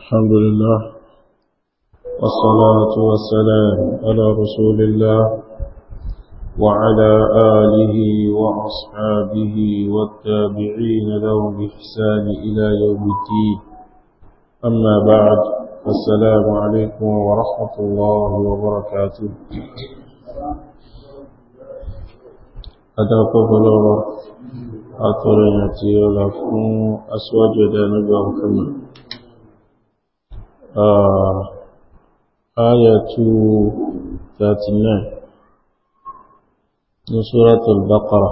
الحمد لله والصلاة والسلام على رسول الله وعلى آله وأصحابه والتابعين له بإحسان إلى يوم الدين أما بعد السلام عليكم ورحمة الله وبركاته أدعوكم الله أطرنا تيالا فون أسواج دانبا محمد آية 239 من سورة البقرة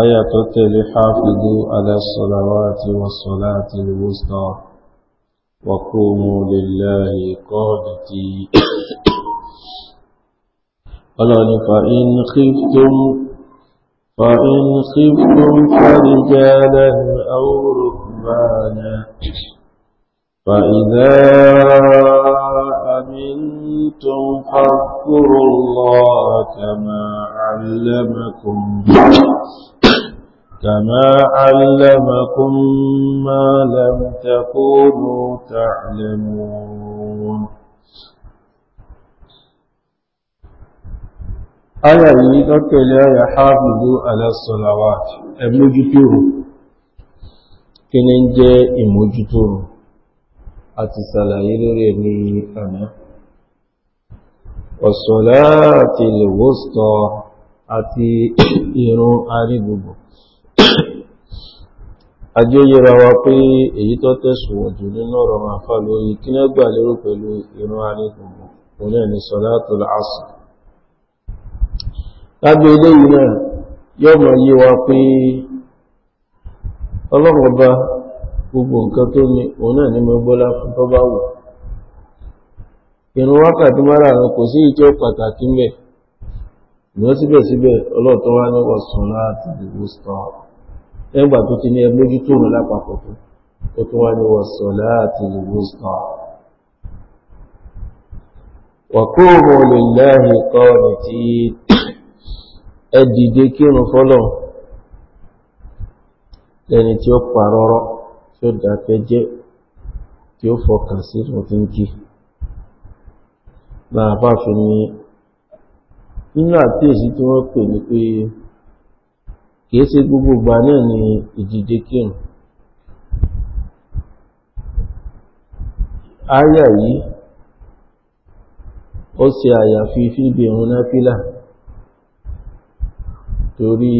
آية تتلي حافظوا على الصلوات والصلاة الوسطى وقوموا لله قادتي قالوا فإن خفتم فإن خفتم فرجالا أو ركبانا فإذا أمنتم فاذكروا الله كما علمكم كما علمكم ما لم تكونوا تعلمون آية يدرك لا يحافظ على الصلوات أمجتور كننجي أمجتور أمجتور a ti sàlàyé lórí ẹ̀ ní àná ọ̀sọ̀láàtì lèwòsọ̀ àti irun arígbogbo ajóyẹra wa pé èyí tó nínú ọ̀rọ̀ máa fà lórí kí ní gbà lérò pẹ̀lú irun arígbogbo onye ni sọ̀láàtì làásù lábẹ́ eléyìí náà yọ́ mọ̀ yí wa pé gbogbo nǹkan tó ní òun náà ní mo gbọ́lá fún tó bá wù ìrun wákàtí márààrún kò sí ìjọ pàtàkì ń bẹ ìwọ́n síbẹ̀síbẹ̀ ọlọ́ọ̀tọ́ wá ní wọ̀sùn láti ẹgbà tó ti ní ẹgbójú tó lápapọ̀ tó ó wá ní láti kọ́ tí ó dákẹ́ jẹ́ tí ó fọkàn sí tó ti ń kí náà bá fi ní nínú àkíyèsí tí wọ́n pè ní pé kìí ṣe gbogbo ìgbà náà ni ìdìde kírun áyà yìí ó ṣe àyàfi fíbi náfílà torí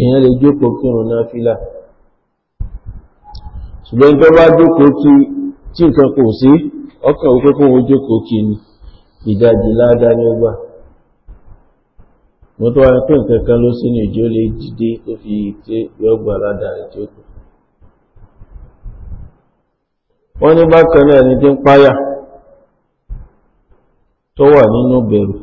èèyàn lè jókòó kírun náfílà ṣùgbọ́n tó bá jókòó kí tí nǹkan kò sí ọkàn òkú kó wọn jókòó kí ni ìdajì ládàá ní ọgbà mo tó wá pé nǹkan kan ló sí ní ìjó lè dìde tó fi tẹ yọgbà ládàá rẹ tí ó kù wọ́n ní bákan náà ẹni tí ń páyà tó wà nínú bẹ̀rù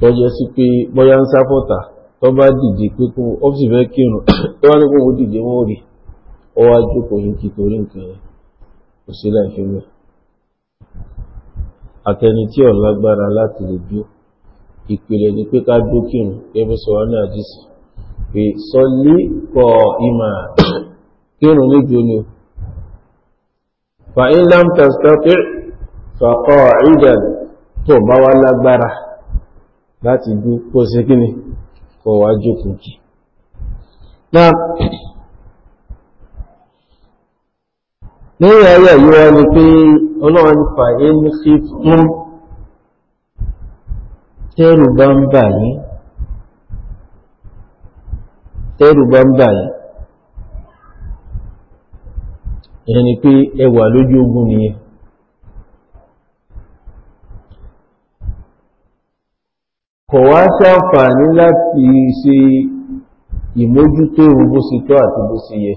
tọ́jọ́ sí pé bọ́yá ń sáfọ́tà tó bá dìde pé kó ọ́fíìsì fẹ́ kírun tó wá ní kó wọ́n dìde wọ́n rí ọ wá jókòó yín kí torí nǹkan yẹn kò sí láì fi mẹ́. àtẹni tí ò lágbára láti lè dúró ìpìlẹ̀ ni pé ká dúró kírun kẹ́fẹ́ sọ wá ní àdìsí pé sọlí kọ ìmọ̀ kírun níjó ni o. fàyín lámtàstàpẹ́ fàkọ́ ìdà tó bá wá lágbára láti dúró kó ṣe kí ni kó wá jókòó kí náà lẹ́yìn ayé yìí wọ́n ni pé ọlọ́run fà é ní sí fún tẹ́rù bá ń bà yín tẹ́rù bá ń bà yín ìyẹn ni pé ẹ wà lójú ogun nìyẹn kọ̀ wá sáǹfààní láti ṣe ìmójútó bó sì tọ́ àti bó sì yẹ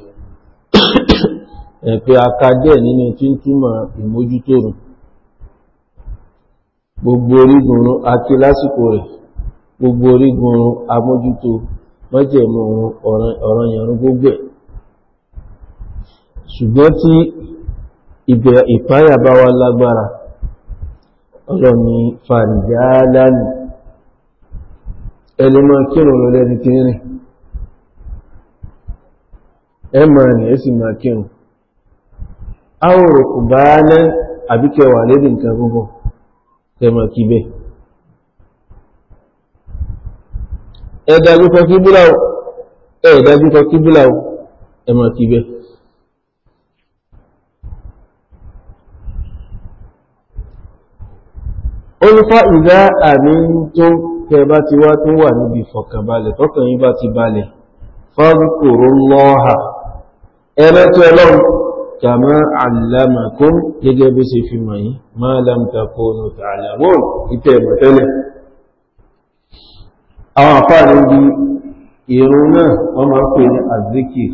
ẹ̀pẹ́ akadẹ́ nínú tí ń túmọ̀ ìmójútó rùn gbogbo orígun run àti lásìkò rẹ̀ gbogbo orígun run amójútó mọ́jẹ̀mú run ọ̀ràn yẹ̀rún gbogbo ẹ̀ ṣùgbọ́n tí ibẹ̀ ìpáyà bá wá lágbára ọlọ́ni fàríjá ẹni máa kírun lọ lẹ́ni tí rìn ẹmọ̀rẹ̀ ni èsì máa kírùn áwòrò kò bá ná àbíkẹwà lédè nǹkan gúngùn tẹmọ̀ kí bẹ́ ẹ̀dàgbẹ́kọ̀ kíbúláwò ẹ̀dàgbẹ́kọ̀ kíbúláwò ẹmọ̀ kí bẹ́ olùfà ìdá àmì tó tẹ bá ti ti ẹ̀rẹ́tí ọlọ́run kàmá àlámàkún gẹ́gẹ́ bí ṣe fi mọ̀ yìí máa lámtàkónù tààlàmùn ìtẹ́ ìmọ̀tẹ́lẹ̀ àwọn àfáàrí bí ìrún náà wọ́n máa pè ní àzíkì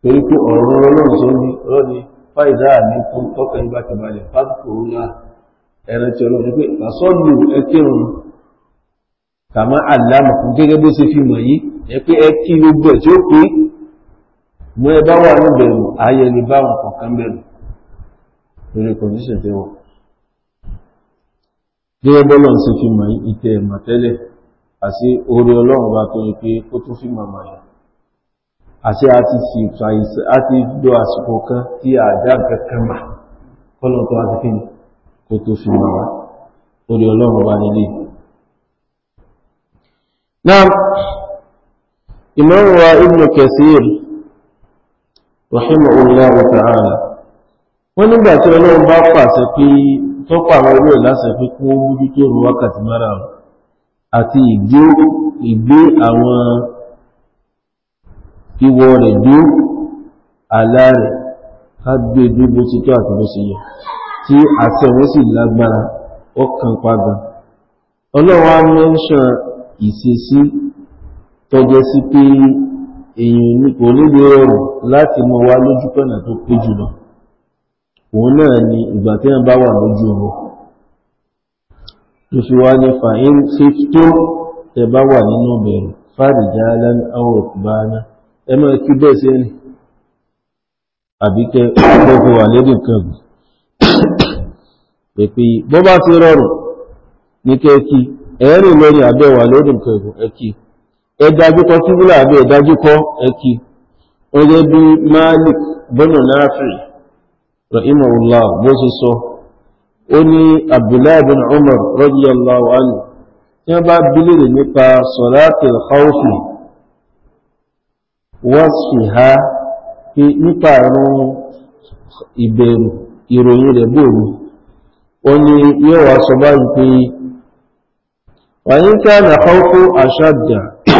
torí pé ọ̀rọ̀ ọlọ́run tó ní rọ́ni fáìdá àmì fún tọ́kọ̀ ìgbà tẹ̀balẹ̀ náà ẹ̀rẹ́tí ọlọ́run pé àsọ́lù ẹkírun kàmá àlámàkún gẹ́gẹ́ bí ṣe fi mọ̀ yìí ẹ pé ẹ kí gbogbo ẹ̀ tí ó pé mú ẹ bá wà níbẹ̀rù ayé ni báwọn kọ̀ọ̀kan bẹ̀rù lórí kọ̀ndíṣẹ̀ tẹ́ wọ̀ gẹ́gẹ́ bọ́lọ̀ ń ṣe fi mọ̀ ìtẹ̀ ẹ̀mọ̀ tẹ́lẹ̀ àti orí ọlọ́run bá tó ní pé kó tó fi mọ̀ mọ̀ yẹn àti àti sì ṣàìsàn àti lo àsìkò kan tí àdá kankan mà kọ́lọ̀ tó àti kíni kó tó fi mọ̀ wá orí ọlọ́run bá nílé náà Imam wa Ibn Kathir رحمه الله تعالى wọ́n nígbà tí ọlọ́run bá pàṣẹ pé tó pàwọn ilé ìlàṣẹ pé kí wọ́n mójú tó rú wákàtí mara àti ìgbé àwọn ìwọ rẹ̀ dé àlá rẹ̀ ká gbé gbogbo e ti tó àti bó ṣe yẹ tí àti ọ̀wọ́ sì lágbára ọkàn pàgà ọlọ́run á mẹ́ńṣàn ìṣesí tọ́jẹ́ sí pé èèyàn kò nílò rọrùn láti mọ wá lójú pẹ̀nà tó pé jùlọ òun náà ni ìgbà tí wọ́n bá wà lójú ọ̀rọ̀ tó fi wá ní fàáyín fíftó tẹ bá wà nínú bẹ̀rù fàdìjà lẹ́nu àwọn òkúbáná ẹ máa kí bẹ́ẹ̀ sí ẹni àbí kẹ ọgbọ́gbọ́ wà lẹ́dùn kan bù pẹ̀pẹ́ bọ́ bá ti rọrùn ní kẹ́ ẹ̀ẹ́rìn lórí àbẹ́wà lẹ́dùn kan bù ẹ ẹdájúkọ kíbúlà àbí ẹdájúkọ ẹkì ọjọ́ bí Malik bọ́nà Nafi rahimahullah bó ṣe sọ ó ní Abdullahi bin Umar radiyallahu anhu tí wọ́n bá bílèrè nípa salatil khawfi wasfiha nípa àrùn ìbẹ̀rù ìròyìn rẹ̀ bóòrù ó ní yóò wá sọ báyìí pé wàyíká na khawfu ashadda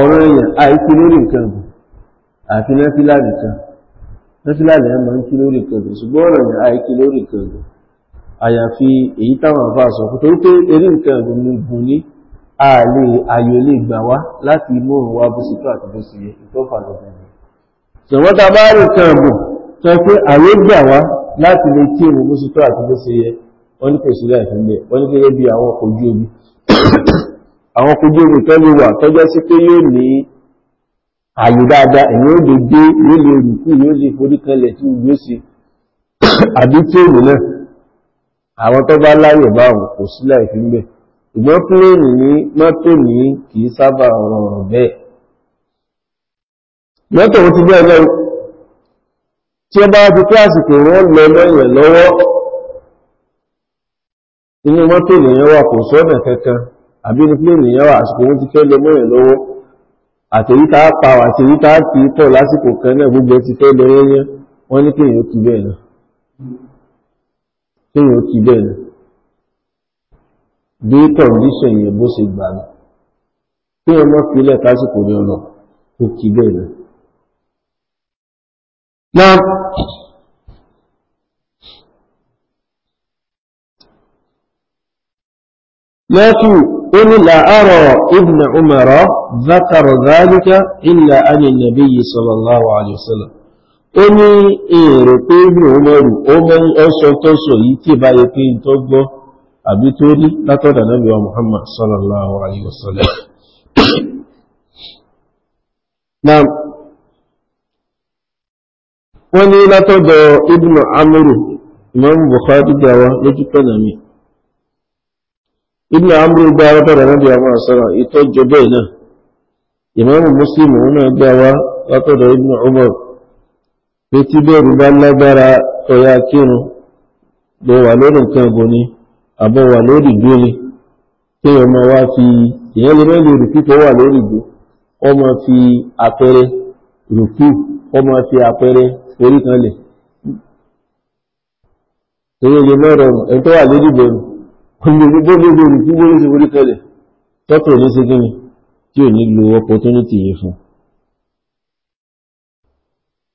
ọ̀rọ̀ èèyàn àìkú lórí nǹkan ọ̀gbìn àti nọ́fílà nìkan nọ́fílà lẹ́yìn máa ń kí lórí nǹkan ọ̀gbìn ṣùgbọ́n ọ̀rọ̀ èèyàn àìkú lórí nǹkan ọ̀gbìn àyàfi èyí táwọn àfa sọ fún torí pé eré nǹkan ọ̀gbìn mi gùn ní ààlè ayò lè gbà wá láti mú òun wá bó sì tó àti bó sì yẹ ìtọ́fà lọ́gbọ̀n ni ṣùgbọ́n tá a bá rí nǹkan ọ̀gbìn sọ pé ààyè gbà wá láti lè kí òun bó sì tó àti bó sì yẹ wọ́n ní kò sí láì fún bẹ́ẹ̀ wọ́n ní gẹ́gẹ́ bí àwọn ọkọ̀ ojú omi àwọn kojú ogun tó lè wà tọ́jọ́ sí pé yóò ní ààyè dáadáa èyí ó lè dé yóò lè rùkú yóò lè forí kanlẹ̀ tí yóò sí àbí tíèmù náà àwọn tó bá láyè bá wọn kò sílẹ̀ ìfínbẹ̀ ìgbọ́n pílẹ̀nì ní mọ́tò ní kì í sábà ọ̀rọ̀ ọ̀rọ̀ bẹ́ẹ̀ mọ́tò ti bẹ́ẹ̀ lọ́wọ́ tí ó bá ti kíláàsì kò wọ́n lọ lẹ́yìn lọ́wọ́ inú mọ́tò nìyẹn wà kò sọ́nà kankan àbí ní pléènì yẹn wà àsìkò wọn ti fẹ́ lọ mọ́yàn lọ́wọ́ àtẹ̀yíká pa àtẹ̀yíká ti pọ̀ lásìkò kan náà gbogbo ti fẹ́ lọ yẹn wọ́n ní kéèyàn kì bẹ́ẹ̀ náà kéèyàn kì bẹ́ẹ̀ náà bí kọ̀ǹdíṣẹ̀ yẹn bó ṣe gbà náà kéèyàn mọ́ fi ilẹ̀ lásìkò ní ọ̀nà kò kì bẹ́ẹ̀ náà. Now, lẹ́tù قل لا أرى ابن عمر ذكر ذلك إلا عن النبي صلى الله عليه وسلم ó ní èrò pé ní ọmọrù ọsọ tó sọ yìí tí bá yẹ pé tó gbọ́ àbí tó rí látọ̀dà alayhi wa ibn amuru na Bukhari gawa lójú na mi ibn amr gba wa na nabi àwọn asara ito jobe na imam muslim ona gba wa látọ̀dọ̀ ibn umar pé tí ba bá lágbára kinu kírun wa lori lórí ni àbọ̀ wa lori ìgbó ni pé ma wa fi ìyẹn lè mẹ́lẹ̀ wa lori lórí ìgbó ma fi àpẹẹrẹ rùkú ma fi àpẹẹrẹ orí kan lẹ̀ torí lè mẹ́rọ̀rùn ẹ̀ tó wà lórí ìbẹ̀rù olórí bóde lórí kí bóde ṣe orí kẹlẹ̀ tọ́tò ní ṣe kí ni tí ò ní lo opportunity yìí fún.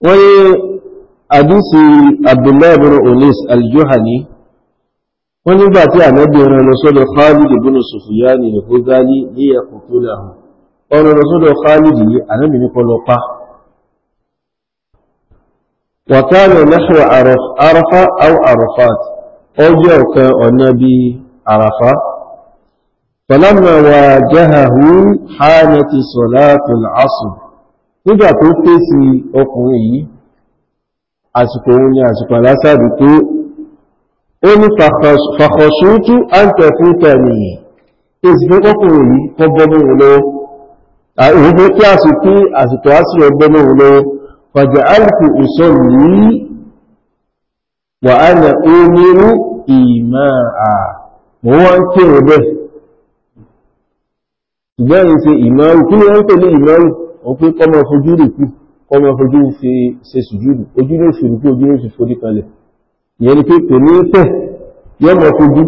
wọ́n ní àdísì abdullahi bin onis aljohani wọ́n nígbà tí ànábì ọ̀rọ̀ lọ khalid bin sufiyani ní hudani ní ẹ̀kọ́tò làwọn ọ̀rọ̀ lọ khalid yìí ànábì ní kọ́ lọ pa عرفة فلما واجهه حانت صلاة العصر nígbà tó fèsì ọkùnrin yìí àsìkò òun ni àsìkò alásàbì tó ó ní fàkọ̀ṣútú àǹtẹ̀fútẹ̀ nìyàn tó sì fẹ́ ọkùnrin yìí mo wọ́n ń kí òun bẹ́ẹ̀ ṣùgbọ́n yìí ṣe ìmọ̀rù kí ni wọ́n ń pè ní ìmọ̀rù wọ́n pé kọ́mọ fojú rì kú kọ́mọ fojú ṣe sùjúdù ojú ní òṣèlú kí ojú ní òṣèlú forí kalẹ̀ ìyẹn ni pé kò ní tẹ̀ yọ́mọ fojú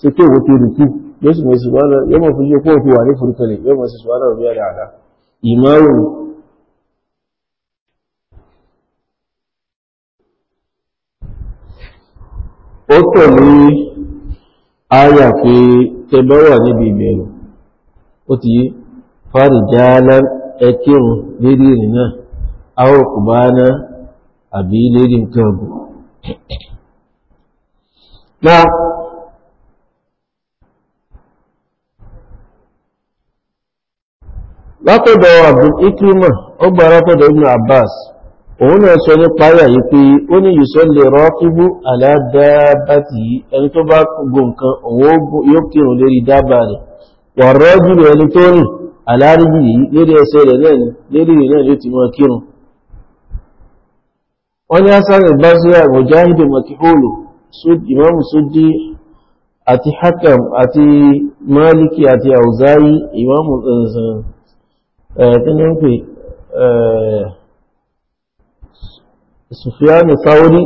ṣe pé òun ti rì kú yóò sì mọ̀ sí wàhálà yọ́mọ fojú pé òun ti wà ní forí kalẹ̀ yọ́mọ sì wàhálà rí àdáadáa ìmọ̀rù ó tẹ̀lé áyà pé tẹbọ́rọ̀ níbi ìbẹ̀rù ó ti yí fàrìjálá ẹkírun lérí ìrìn náà áwọ̀kùbáná àbí lérí nǹkan ọ̀bù náà látọ̀dọ̀ Abdul Ikrima ó látọ̀dọ̀ Ibn Abbas òun náà sọ nípa ayà yìí pé ó ní ìṣọ́ lè rọ́ kíbú aládábàtì ẹni tó bá gùn nǹkan òun yóò kírùn lérí dábà rẹ̀ wọ̀rọ̀ jùlọ ẹni tó rìn aláríjì yìí lérí ẹsẹ̀ rẹ̀ náà lérí rẹ̀ náà yóò ti mọ́ kírùn wọ́n ní asáàrẹ̀ bá sí àgbọ̀jáhìdò makiholo ìmọ́mù sódí àti hakam àti maliki àti àwùzáyí ìmọ́mù ẹ̀ẹ́sìn ẹ̀ẹ́ sùfíàmì sáwórí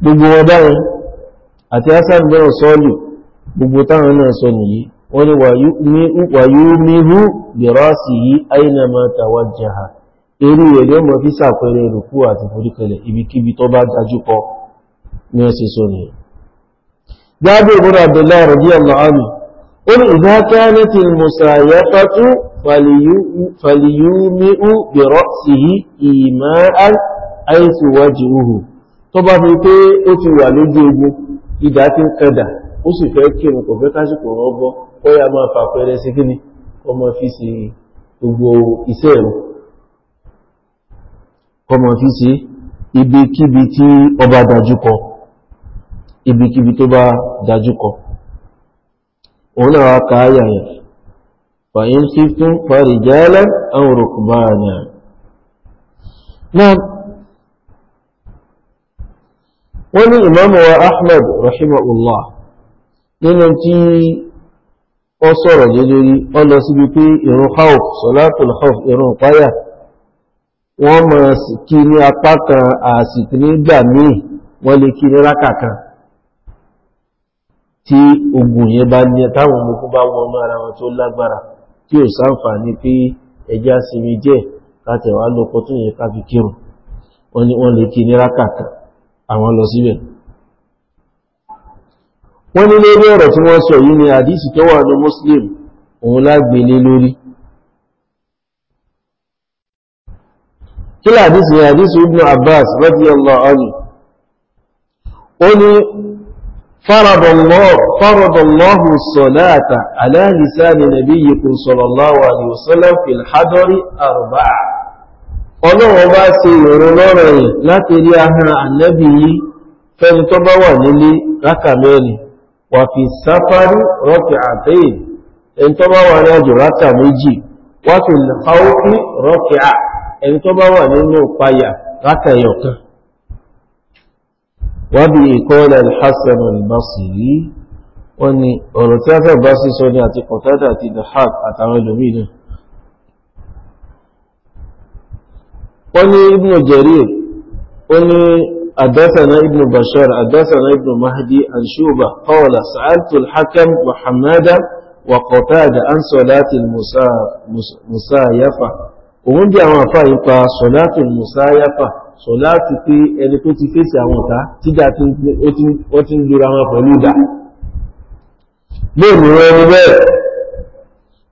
gbogbo ọdáyìn àti hassan bẹ̀rẹ̀ sọ́ọ̀lù gbogbo táwọn náà sọ nìyí wọ́n ni wà yóò mihú bẹ̀rọ̀sì yìí aina ma tàwàjá ha eré rẹ̀ yóò mọ̀ fi sàpẹrẹ rùkú àti foríkẹlẹ̀ ibikíbi tó bá dájú kọ ní ọ̀sẹ̀ sọ nìyí fàlìyúmíú bẹ̀rọ̀ sí ìmá àìsíwájúhù tó bá fi pé ó ti wà lójú ogun ìdá tí ń kẹdà ó sì fẹ́ kírun kò fẹ́ kásìkò rọ́gbọ́ ó yá máa fàpẹrẹ sí kíni ọmọ fi sí gbogbo iṣẹ́ ẹ̀rọ ọmọ fi sí ibikíbi tí ọba dájúkọ ibikíbi tó bá dájúkọ òun náà ká ayà yẹn فإن خفتم فرجالا أو ركبانا نعم ولي إمام أحمد رحمه الله nínú tí ó sọ̀rọ̀ jẹjẹrí ó lọ síbi pé ìrun hauf sọ̀látùl hauf ìrun páyà wọ́n mọ̀ kí ní apá kan àsìkò nígbà míì wọ́n lè kí ní rákàkan tí ogun yẹn bá ní táwọn ọmọkú bá wọn mọ́ ara wọn tó lágbára tí ò sáǹfààní pé ẹjẹ́ àsinmi díẹ̀ láti wá lóko tó yẹ ká fi kírun wọ́n ní wọ́n lè kí ní rákàtà àwọn lọ síbẹ̀ wọ́n ní lórí ọ̀rọ̀ tí wọ́n sọ yìí ni àdísì tó wà ní Muslim òun lágbè lé lórí kí làdísì ni àdísì Ibn Abbas radiyallahu anhu ó ní فرض الله فرض الله الصلاة على لسان نبيكم صلى الله عليه وسلم في الحضر أربعة ọlọ́wọ́ bá ṣe ìrún lọ́rọ̀ yìí láti rí ahọ́n ànẹ́bì yìí fẹ́ni tó bá wà nílé rákà mẹ́rin wà fi sáfárí rọ́kì àtẹ́yìn ẹni tó bá wà rẹ́jù rákà méjì wà fi lọ́kì rọ́kì à ẹni tó bá wà nínú páyà rákà وبه قول الحسن البصري وني أرتاف بصري سوني أتي قتادة أتي ضحاك أتعمل بينا وني ابن جرير وني حدثنا ابن بشار حدثنا ابن مهدي عن شوبة قال سألت الحكم وحمادا وقتادة عن صلاة المسايفة ومن دي أما صلاة المسايفة sọ̀lá ti pé ẹni tó ti fèsì àwọn ọ̀tá tíjà ó ti ń lura wọn pẹ̀lú ìdà lóòmù rẹ̀ ni bẹ́ẹ̀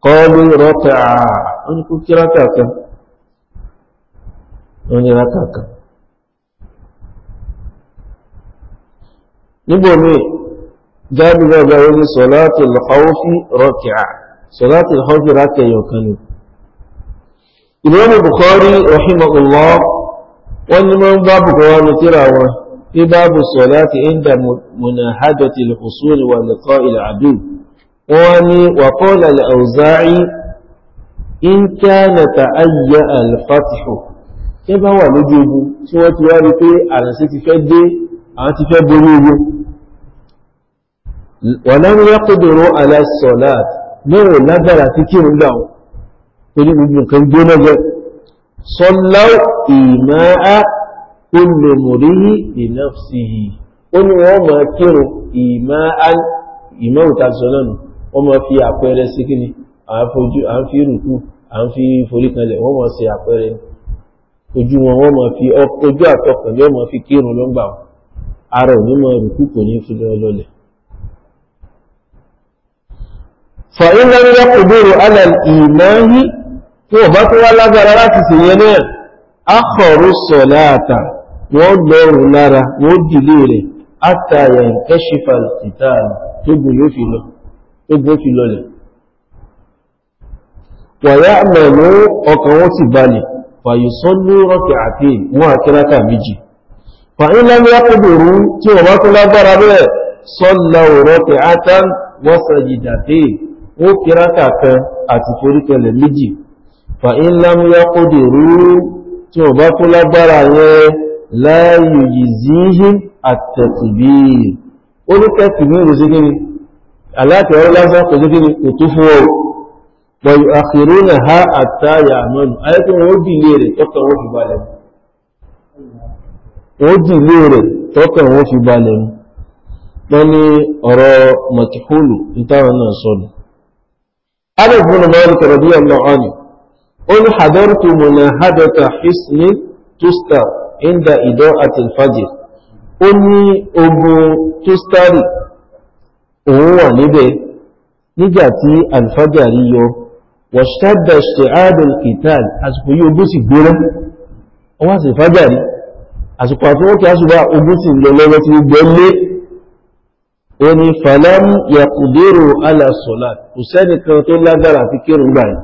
kọ́ọ̀lù rọ́tà wọn kú kí rákà kan ni rákà kan níbo jáde wọ́n ní mọ́ ń bábù kọ́ wọn tíra wọn bí bábù sọ láti inda munahadati al-usul wa liqa al-abid wọ́n ní wa qala al-Awza'i in kana ta'ayya al-fathu tí bá wà lójú ogun tí wọ́n ti wá rí pé àrẹ̀sí ti fẹ́ dé àwọn ti fẹ́ borí ogun wa lam yaqdiru ala as mẹ́rin lágbára tí ń gbà wọn torí gbogbo nǹkan gbóná jẹ́ sọláwó ìmáà ó lè mọ̀rí ìnáfsìhì ó ní wọ́n máa kírun ìmáà ìmáà òtàṣọ náà nù wọ́n máa fi àpẹẹrẹ sí kí ni à ń fi rùkú à ń fi forí kanlẹ̀ wọ́n máa ṣe àpẹẹrẹ ojú wọn wọ́n máa ara ò ní máa kò ní fi lọ́lọ́lẹ̀. فإن لم يقدروا على الإيمان wọn bá tó wá lágbára láti ṣèyẹn náà akọ̀rọ̀ sọ̀láàtà wọ́n lọ́rùn lára wọ́n dìlé rẹ̀ átàyà ìkẹ́ṣífà ìtààrà tógun yóò fi lọ tógun fi lọlẹ̀ wàyá mẹ̀lú ọkàn wọn sì balẹ̀ fàyùsọ́lú rọ́kẹ̀ àti wọn àkíráka méjì fàílẹ́mí akọ́bùrú tí wọ́n bá tó lágbára bẹ́ẹ̀ sọ́lá rọ́kẹ̀ átàn wọ́sàjìdàtẹ́ ó kíráka kan àti foríkẹlẹ̀ méjì fa in lam yaqdiru tí ò bá kú lágbára yẹn la yujzihim at-takbir ó ní takbir sí kíni aláàtẹ̀ ọ̀rọ̀ lásán kò sí kíni kò tó ha àtàyà àmọ́nù ayẹ́kùn ó dìlé rẹ̀ tọ́kàn ó fi balẹ̀ ó dìlé rẹ̀ tọ́kàn ó fi balẹ̀ mu wọ́n ní ọ̀rọ̀ mọ̀tíhólù ní táwọn náà sọ́nù. Adébùnú قل حضرت مناهدة حسن تستر عند إضاءة الفجر ó ní ogun tústárì òun wà níbẹ̀ nígbàtí alfajari yọ wọ̀ṣẹ́dẹ̀ ṣe'ádùn ìtàl àsìkò yí ogun sì gbérá wọ́n sì fajari àsìkò àtúwọ́kẹ́ àṣùgbà ogun sì lọ lọ́wọ́ ti gbẹ́lé ó ní falam yaqdiru ala salat kò sẹ́nìkan tó lágbára àti kírùn gbáyìí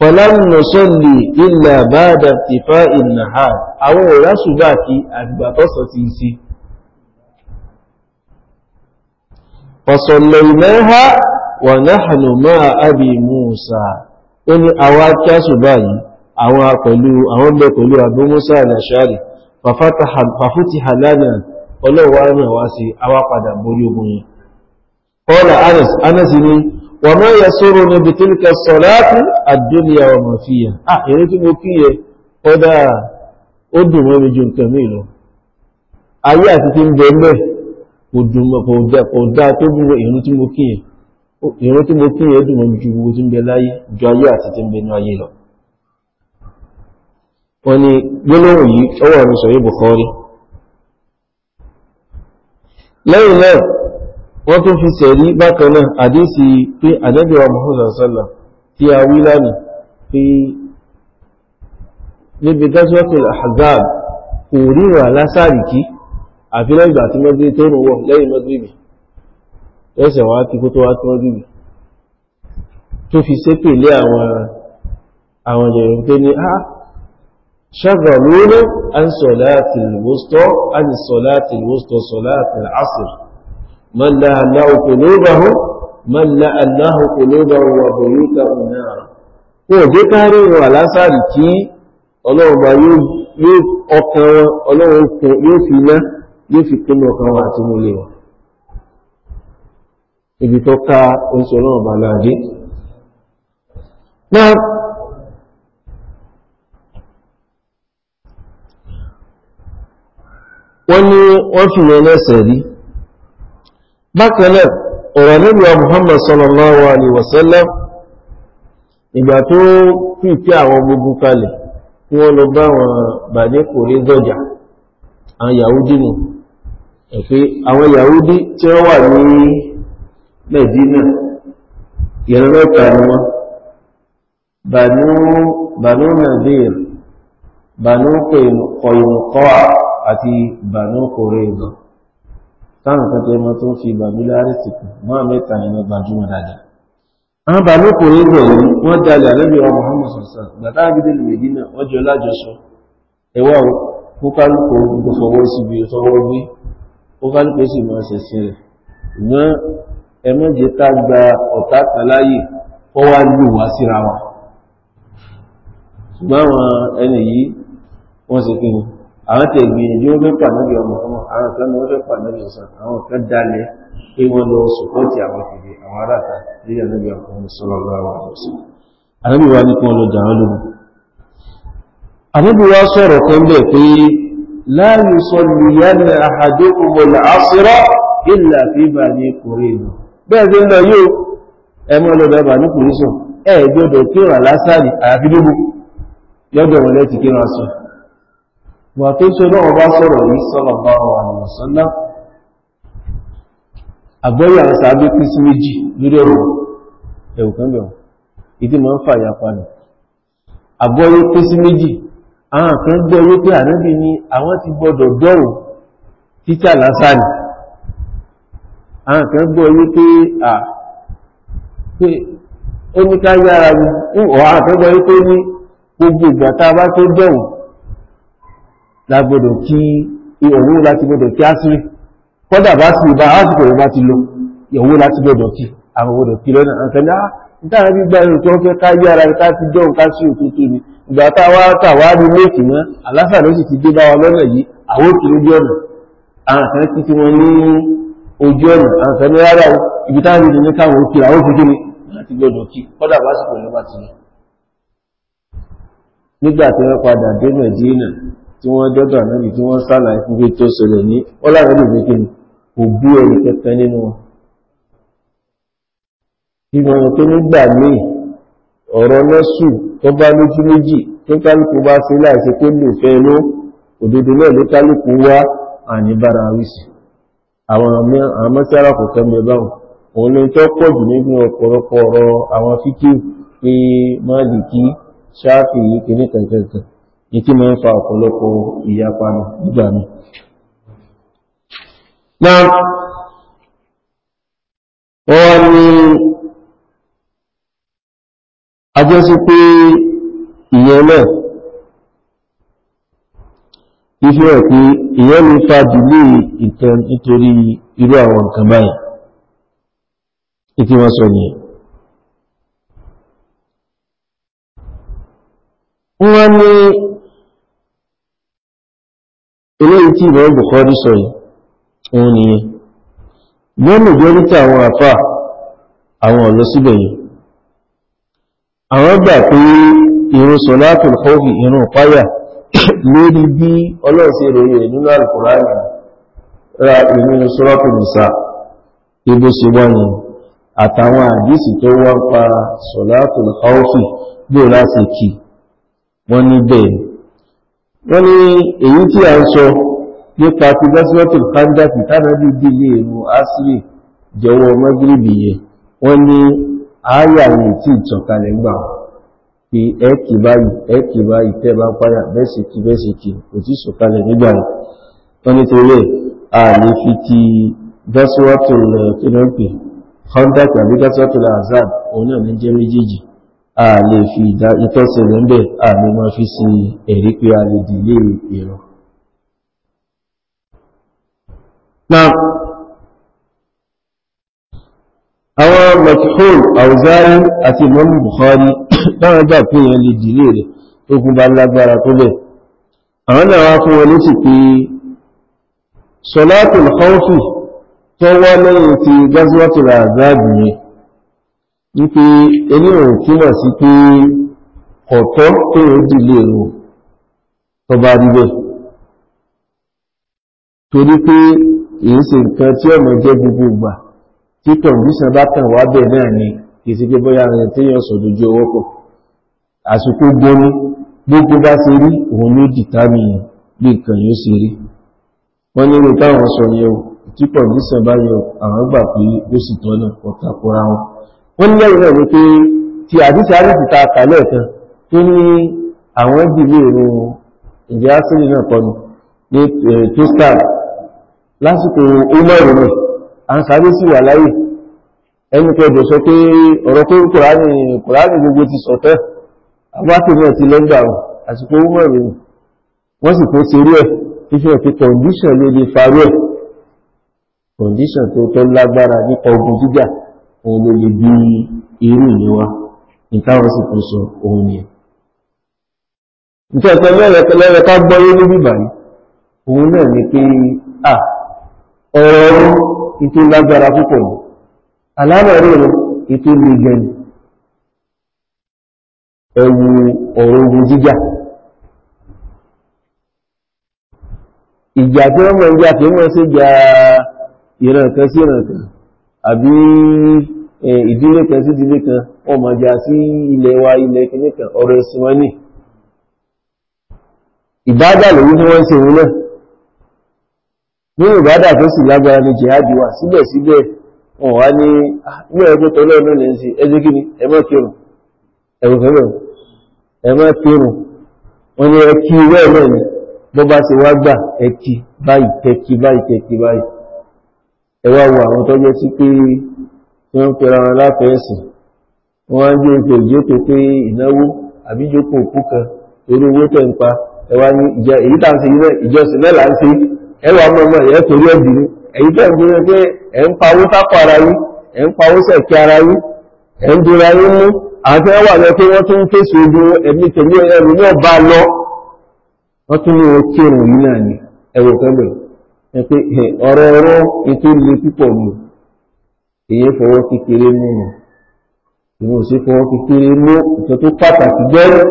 falam nusalli illa ba'da irtifa'in nahar àwọn òrá ṣùgbà kí àgbà tọ́sọ̀ ti sí fasallaynaha wa nahnu ma'a abi Musa ó ní àwọn akíá ṣùgbà yìí àwọn pẹ̀lú àwọn bẹ pẹ̀lú Abu Musa al-Ash'ari fafutiha ọlọ́wọ́ wa yẹ sọ́rọ̀ ní bí tílkẹ sọ̀láàtì àdúnyà ọmọ fíyà ah ìrí tí mo kíyẹ ọdá ó dùn mọ́ mi ju nǹkan mí lọ ayé àti tí ń bẹ mẹ́ kò dá tó gbogbo ìrú tí mo kíyẹ ìrú tí mo kíyẹ dùn mọ́ mi ju gbogbo tí ń bẹ láyé lọ wọ́n gbólóhùn yìí ọwọ́ wọ́n tún fi sẹ̀rí bákan náà àdísì pé àdẹ́bẹ̀wà Muhammad sallam tí a wí lánìí pé níbi gazwatul Ahzab kò ríwà lásàrì kí àfi lẹ́gbà tí mọ́gbé tó rùn wọ lẹ́yìn mọ́gbébì ẹsẹ̀ wá kí kó tó wá tí من لها الله قلوبهم من لها الله قلوبهم وبيوتهم نارا kò jẹ́ kárí wọn àlásàrì tí ọlọ́run bá yóò ọkàn wọn ọlọ́run kún yóò fi iná yóò fi kínú ọkàn wọn àti múlé wọn ibi tó ká oúnjẹ ọlọ́run bá láàdé náà wọ́n ní wọ́n fi yẹn lẹ́sẹ̀ rí bákanáà ọ̀rọ̀ níbi wa muhammad sallallahu alaihi wasallam ìgbà tó fìfẹ́ àwọn gbogbo kalẹ̀ tí wọ́n lọ bá wọn bàjẹ́ kò rí zọjà àwọn yahudi nù ẹ̀fẹ́ àwọn yahudi tí wọ́n wà ní medina ìran ni wọ́n bànú bànú nadir bànú kọ̀yìnkọ́ àti bànú kòrè ìgbọ̀n táwọn kan tẹ́ mọ́ tó ń fi bàbí lárẹ́sì kù máa mẹ́ta yẹn lọ gbajúmọ̀ dáadáa àwọn bàbá kò ní bẹ̀rẹ̀ wọ́n dalẹ̀ àlẹ́bí wa Muhammad sọ̀sán gbàtà àbídé lè dí náà wọ́n jọ lájọsọ ẹ̀wọ́ kókálùkò gbogbo fọwọ́ sí ibi tọwọ́ gbé kókálùkò sì máa ṣẹ̀sìn rẹ̀ ṣùgbọ́n ẹ̀mẹ́jẹ tá gba ọ̀tá kan láyè lù wá síra wa ṣùgbọ́n àwọn ẹni yìí wọ́n ṣe kí ni àwọn tẹ̀ gbìyànjú ó fẹ́ pàdánù ọmọ ọmọ àwọn kan ní wọ́n fẹ́ pàdánù ìsàn àwọn kan dalẹ̀ pé wọ́n lọ sọ̀pọ̀tì àwọn kìdì àwọn aráta lílẹ̀ níbi ọkùnrin sọ̀rọ̀ lọ́wọ́ àwọn ọ̀sán àrẹ́bí wa ní kan lọ jà án lóhun àrẹ́bí wa sọ̀rọ̀ kan bẹ̀ pé láàyè sọ lùyánà àhàdé ọmọlà àṣírọ́ ìlà fi bà ní kùnrin nù bẹ́ẹ̀ sí ní kùnrin wà tó ṣe lọ́wọ́ bá sọ̀rọ̀ yìí sallallahu alaihi wasallam àgbọ́yé àwọn sàábé pín sí méjì lórí ọ̀rọ̀ ẹ̀wù ìdí máa ń fà ya padà àgbọ́yé pín sí méjì àwọn kan gbọ́ yé pé ànábì ni àwọn ti gbọ́dọ̀ dọ́rùn títà lásán ni àwọn kan gbọ́ yé pé ni ó àwọn kan lágbọ́dọ̀ kí ìwòwò láti gbọ́dọ̀ kí á sí kọ́dà bá si bá àsìkò ìwà ti lo ìwòwò láti gbọ́dọ̀ kí àwọ̀wọ̀dọ̀ kí lọ́nà àtẹ́lá ìtàrà ah, gbígbà ẹ̀rọ tó fẹ́ ká yára ká ti dán ká sí òtútù ni ìgbà ní méèkì mọ́ ló sì ti dé bá wa lọ́nà yìí àwọn òkè lójú ọ̀nà àwọn kan ní ojú ibi táwọn ìdí ní káwọn òkè àwọn òkè láti kí kọ́dà bá sì pẹ̀lú bá ti lọ. nígbà tí wọ́n dọ́dọ̀ ànábì tí wọ́n sálà fún pé tó ṣẹlẹ̀ ní wọ́n láwọn lè fi kíni kò bú ẹni kẹta nínú wọn. ìmọ̀ ọ̀rọ̀ tó nígbà míì ọ̀rọ̀ lẹ́sù tó bá lójú méjì tó kálukú bá ṣe láìsí pé lòfẹ́ ló òdodo náà ló kálukú wá àníbára wíṣì àwọn àmọ́sára kò kẹ́ mi báwọn òun ló tó pọ̀ jù nínú ọ̀pọ̀lọpọ̀ ọ̀rọ̀ àwọn fíkì pé máàlìkì ṣáàfì yìí kìíní kankan kan ní tí mo ń fa ọ̀pọ̀lọpọ̀ ìyapa nígbà mi. na wọ́n ni ajọ́ sí pé ìyẹn náà fífẹ́ ẹ̀ pé ìyẹn ló fa dìlé ìtàn nítorí irú àwọn nǹkan báyìí ìtí wọ́n sọ nìyẹn wọ́n ní eléyìí tí ìwọ̀n Bukhari sọ yìí òun nìyẹn yọ́nù jẹ́ríkà àwọn àfà àwọn ọ̀lọ́ síbẹ̀ yìí àwọn gbà pé ìrun sọ̀látùl khawfi ìrun páyà lórí bí Ọlọ́run ṣe ròyìn rẹ̀ nínú Al-Qur'ani ra ìrun suratul nisa ibo wọ́n ní èyí tí a ń sọ nípa ti gásíwọ́tìl kandaki tánàbí dílé ìrù asiri jẹwọ́ magribi yẹ wọ́n ní ààyà ní tí ìtọ̀kalẹ̀ gbà pé ẹ́kì báyìí ẹ́kì báyìí tẹ́ páyà bẹ́sìkì bẹ́sìkì kò tí nígbà wọ́n ní a lè fi ti gásíwọ́tìl kandaki àbí gásíwọ́tìl azab òun náà a lè fi ìdá ìtọ́sẹ̀lẹ̀ ń bẹ̀ a lè máa fi sí ẹ̀rí pé a lè dìlé ìrọ̀. na àwọn makihol Awzai àti Imam Bukhari dáwọn gbà pé yẹn lè dìlé rẹ̀ tó kún bá lágbára tó bẹ̀ àwọn náà wá fún wọn ló ti pé sọlátùl khawfi tó wá lẹ́yìn ti gazwatul azabi yẹn wípé eléhùn túnmọ̀ sí pé ọ̀tọ́ tó ó dìlé ẹ̀rùn tó bá rí bẹ́ torí pé èyí ṣe nǹkan tí ọmọ jẹ́ gbogbo ìgbà tí kọ̀ǹdíṣàn bá kàn wá bẹ̀ náà ni kì í sí pé bóyá rẹ̀ tí yàn sọ dojú ọwọ́ pọ̀ àsìkò gbọ́nú gbogbo bá ṣe rí òun ló dìtà nìyàn bí nǹkan yóò ṣe rí wọ́n nínú táwọn sọ yẹn o tí kọ̀ǹdíṣàn bá yọ àwọn gbà pé ó sì tọ́nà ọ̀tàkùnra wọn wọ́n lẹ́yìn náà ní pé ti àdíṣẹ́ àríṣì ta kàlẹ̀ ẹ̀kan tó ní àwọn ìdílé ìrùn ìjẹ́ àṣírí náà kọlu ní tostal lásìkò umaru rẹ̀ à ń sáré sí wà láyé ẹni kẹjọ sọ pé ọ̀rọ̀ pé kùránì kùránì gbogbo ti sọ̀tẹ́ abákè náà ti lẹ́gbà ọ̀ àsìkò umaru rẹ̀ wọ́n sì tún ṣerú ẹ̀ fífi hàn pé kọ̀ǹdíṣàn ló lè farú ẹ̀ kọ̀ǹdíṣàn tó tọ́ lágbára nípa ogun jíjà òun ló lè bí irú ìléwá ìtawọ̀ sì tún sọ òun ni nǹkan ẹ̀kọ́ mẹ́rẹ̀ lẹ́rẹ̀ ká gbọ́ yé níbi báyìí òun náà ni pé à ọ̀rọ̀ ọ̀rọ̀ ètò lágbára púpọ̀ ni àlámà rẹ̀ rẹ̀ ètò lè jẹ ni ẹ̀wù ìjà tí wọ́n mọ̀ ń jà wọ́n sì gba ìrànkan sí ìrànkan àbí ìdílé kan sí ìdílé kan wọ́n ma jà sí ilẹ̀ wa ilẹ̀ kìíní kan ọ̀rọ̀ ẹ̀sìn wọn ní ìbádà lórí tí wọ́n ṣe náà nínú ìbádà tó sì lágbára ní jihadi wà síbẹ̀síbẹ̀ wọn wá ní ah, ní ẹgbẹ́ ṣe ẹjẹ́ kí ni kírun ẹ wá wo àwọn tó jẹ́ sí pé wọ́n ń pera wọn láfẹ̀ẹ́sìn wọ́n á jẹ́ ipò ìjókòó pé ìnáwó àbí ìjókòó torí owó tẹ̀ ń pa ẹ ní ìjẹ èyí tá à ń ìjọsìn mẹ́la ń ṣe ẹ wà mọ́ torí ẹ̀bì ni èyí tẹ̀ ń gbé pé ẹ̀ ń pawó sápò ara yín ẹ̀ ń pawó sẹ̀kí ara yín ẹ̀ ń dúra yín mú àti wà lọ pé wọ́n tún fèsì ogun ẹ̀mí tẹ̀lé ẹ̀rù náà bá lọ wọ́n tún ní o kírun náà ni ẹ̀wọ̀ kan pé ọ̀rọ̀ ọ̀rọ̀ ètò ilé púpọ̀ èyí fọwọ́ kékeré mú nù ìwọ̀n sí fọwọ́ kékeré mú ìtọ́ tó pàtàkì gbẹ́rẹ́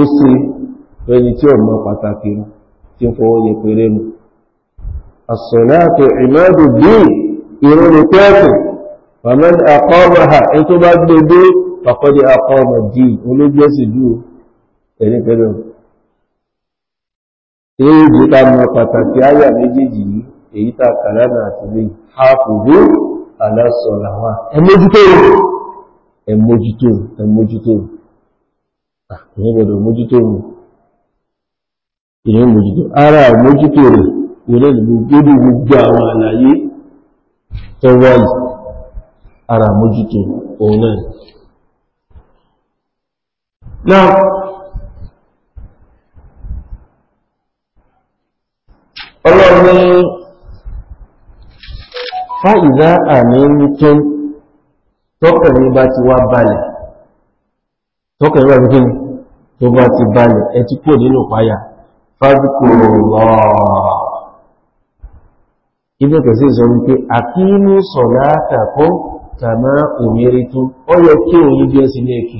ó sì ẹni tí ọ̀nà pàtàkì tí ń fọwọ́ yẹpẹrẹ mú àsọ̀láàtọ̀ ìmọ́dù bí ìrún ní ha ẹni tó bá gbé dé àkọ́ọ̀mọ̀ èèjì ta mọ pàtàkì na méjèèjì yìí èyí tá kàlánà àti lè hafùdú aláṣọ̀làwà emojito ẹmójútó ẹmójútó ìyẹn ah, gbọdọ̀ mójútó mi ìyẹn emojito ara mójútó na ìrẹ́ ìlú gbódù gbogbo àwọn àlàyé tọwọ́ ara ní fáìdá àmì ní tó tọ́kẹ̀rin bá ti wá balẹ̀ tọ́kẹ̀rin bá ti kí tó bá ti balẹ̀ ẹ ti kó nínú páyà fádùkúrò lọ́ọ̀ ibẹ̀ kẹsí sọ wípé àkínú sọ̀láta kó kàmá òmìnirí tó ó yẹ kí o yí bí ẹ sí ní ẹkì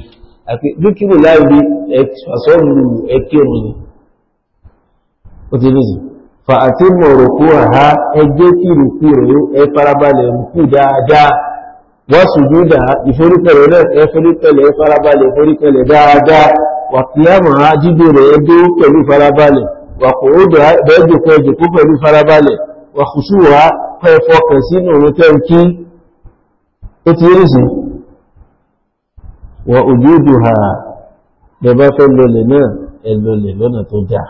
àti dúkìrì láìrí ẹ̀ṣọ́rù ẹkì òmìnirí ó ti rí sí fa àti mọ̀rọ̀ kó ha ẹgbẹ́ tí rùkú rẹ̀ ẹ farabalẹ̀ rùkú dáadáa wọ́n sùjú dà ìforíkẹ̀lẹ̀ náà ẹ foríkẹ̀lẹ̀ ẹ farabalẹ̀ foríkẹ̀lẹ̀ dáadáa wà kíyàmù ha jíde rẹ̀ ẹ dó pẹ̀lú farabalẹ̀ wà kò ó bẹ́ẹ̀dù pẹ́ jùkú pẹ̀lú farabalẹ̀ wà kùsù wá pẹ́ fọkàn sínú òun tẹ́m ó ti rí sí wà òjúdù ha bẹ́ẹ̀ bá fẹ́ lọlẹ̀ náà ẹ lọlẹ̀ lọ́nà tó dáa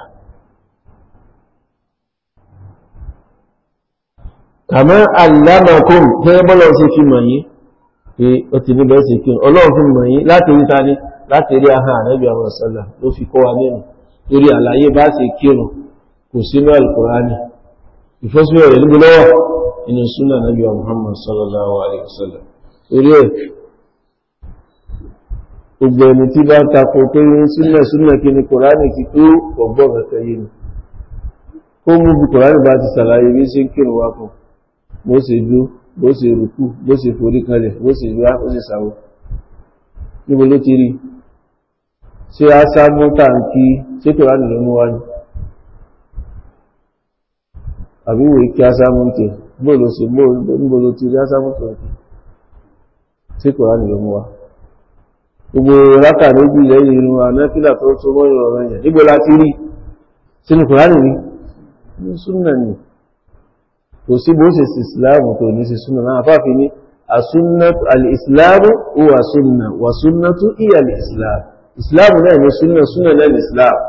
kàmá àlámàkùn gẹ́gẹ́ bọ́lọ̀ ṣe fi mọ̀ yín pé ó ti níbẹ̀ ṣe kí ọlọ́run fi mọ̀ yín láti rí ta ní láti rí ahọ́n àrẹ́bí àwọn ọ̀sọ́là ló fi kọ́ wa nínú torí àlàyé bá ṣe kírun kò sínú alukurani ìfọ́síwẹ̀ rẹ̀ níbi lọ́wọ́ inú súnà nàbí wa Muhammad sallallahu alayhi wa sallam torí ẹ̀ gbogbo ẹni tí bá tako pé súnà súnà kí ni kurani ti tó ọgbọ́n kẹkẹ yìí ni ó mú bí kurani bá ti ṣàlàyé bí ṣe ń kírun wá fún un bó ṣe dú bó ṣe rùkú bó ṣe forí kalẹ̀ bó ṣe yá ó ṣe sàwọ̀ níbo ló ti rí ṣé a sá mú tàǹkì ṣé kò rá nìlú mú wá ní àbí wòye kí a sá mú tẹ̀ bó ló ṣe níbo ló ti rí a sá mú ṣé kò rá nìlú mú wá gbogbo rákà méjì lẹ́yìn irun ànáfílà tó tó mọ́ ìrọ̀rùn yẹn níbo la ti rí sínú kùránì ni ní súnà ni kò sí bó ṣe sí ìsìláàmù tó ní sí súnà náà fáfi ní alìsìláàmù wà súnà wà súnà tó ìyà alìsìláàmù ìsìláàmù náà ní súnà súnà náà ní ìsìláàmù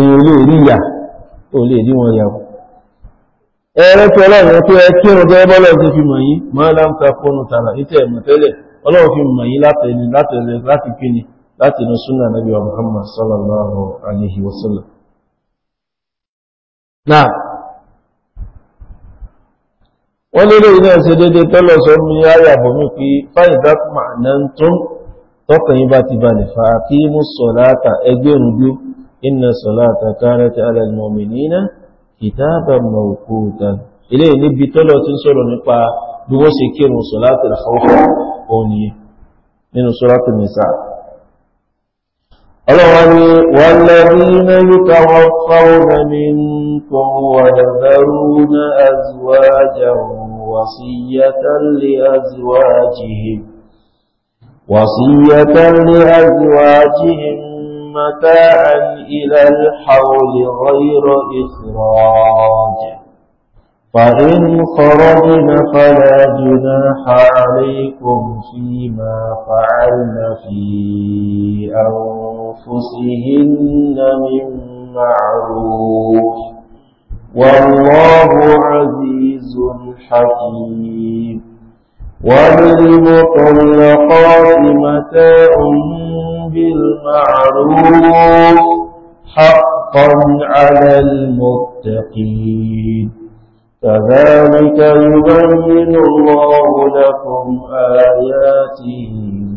èyàn lè rí ìyà ò lè rí wọn yà ẹ̀rẹ́ tó ọlọ́run tó ẹ kí ọjọ́ bọ́lọ̀ ti fi mọ̀ yí máa láǹkà fọ́nù tààrà nítẹ̀ ẹ̀mọ̀ ọlọ́run fi mọ̀ látẹ̀lẹ̀ láti kíni láti inú súnà nàbí Muhammad sallallahu alaihi wasallam náà wọ́n lérò iná ẹsẹ̀ dédé tọ́lọ̀ sọ ní ayàbò mí pé fáyì dákùnmà náà ń tún tọ́kàn yí bá ti balẹ̀ fa kí mú sọ̀láta ẹgbẹ́ rúdú iná sọ̀láta kárẹ́tì alẹ́mọ̀mì níná ìtàbà mọ̀kúta ilé níbi والذين يتوفون منكم ويذرون أزواجا وصية لأزواجهم وصية لأزواجهم متاعا إلى الحول غير إخراج فإن خرجنا فلا جناح عليكم فيما فعلنا في أول أنفسهن من معروف والله عزيز حكيم وللمطلقات متاع بالمعروف حقا على المتقين كذلك يبين الله لكم آياته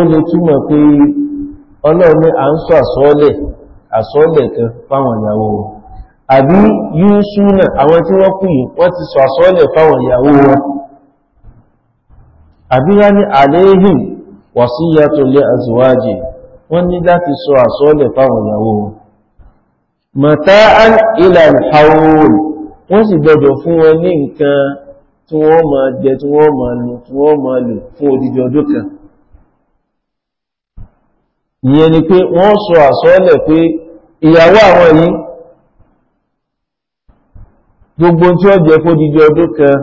ó lè túmọ̀ pé ọlọ́run ní ń sọ àsọ́ọ́lẹ̀ àsọ́ọ́lẹ̀ kan fáwọn ìyàwó wọn àbí yúúsú náà àwọn tí wọ́n kú yìí wọ́n ti sọ àsọ́ọ́lẹ̀ fáwọn ìyàwó wọn àbí wá ní àléhìn wàsíyàtò lé àzíwájì wọ́n ní láti sọ àsọ́ọ́lẹ̀ fáwọn ìyàwó wọn mọ̀táán wọ́n fún wọn ní wọ́n wọ́n ma fún odidi kan ìyẹn ni pé wọ́n sọ àsọ́ọ́lẹ̀ pé ìyàwó àwọn yìí gbogbo tí ó jẹ fó dídí ọdún kan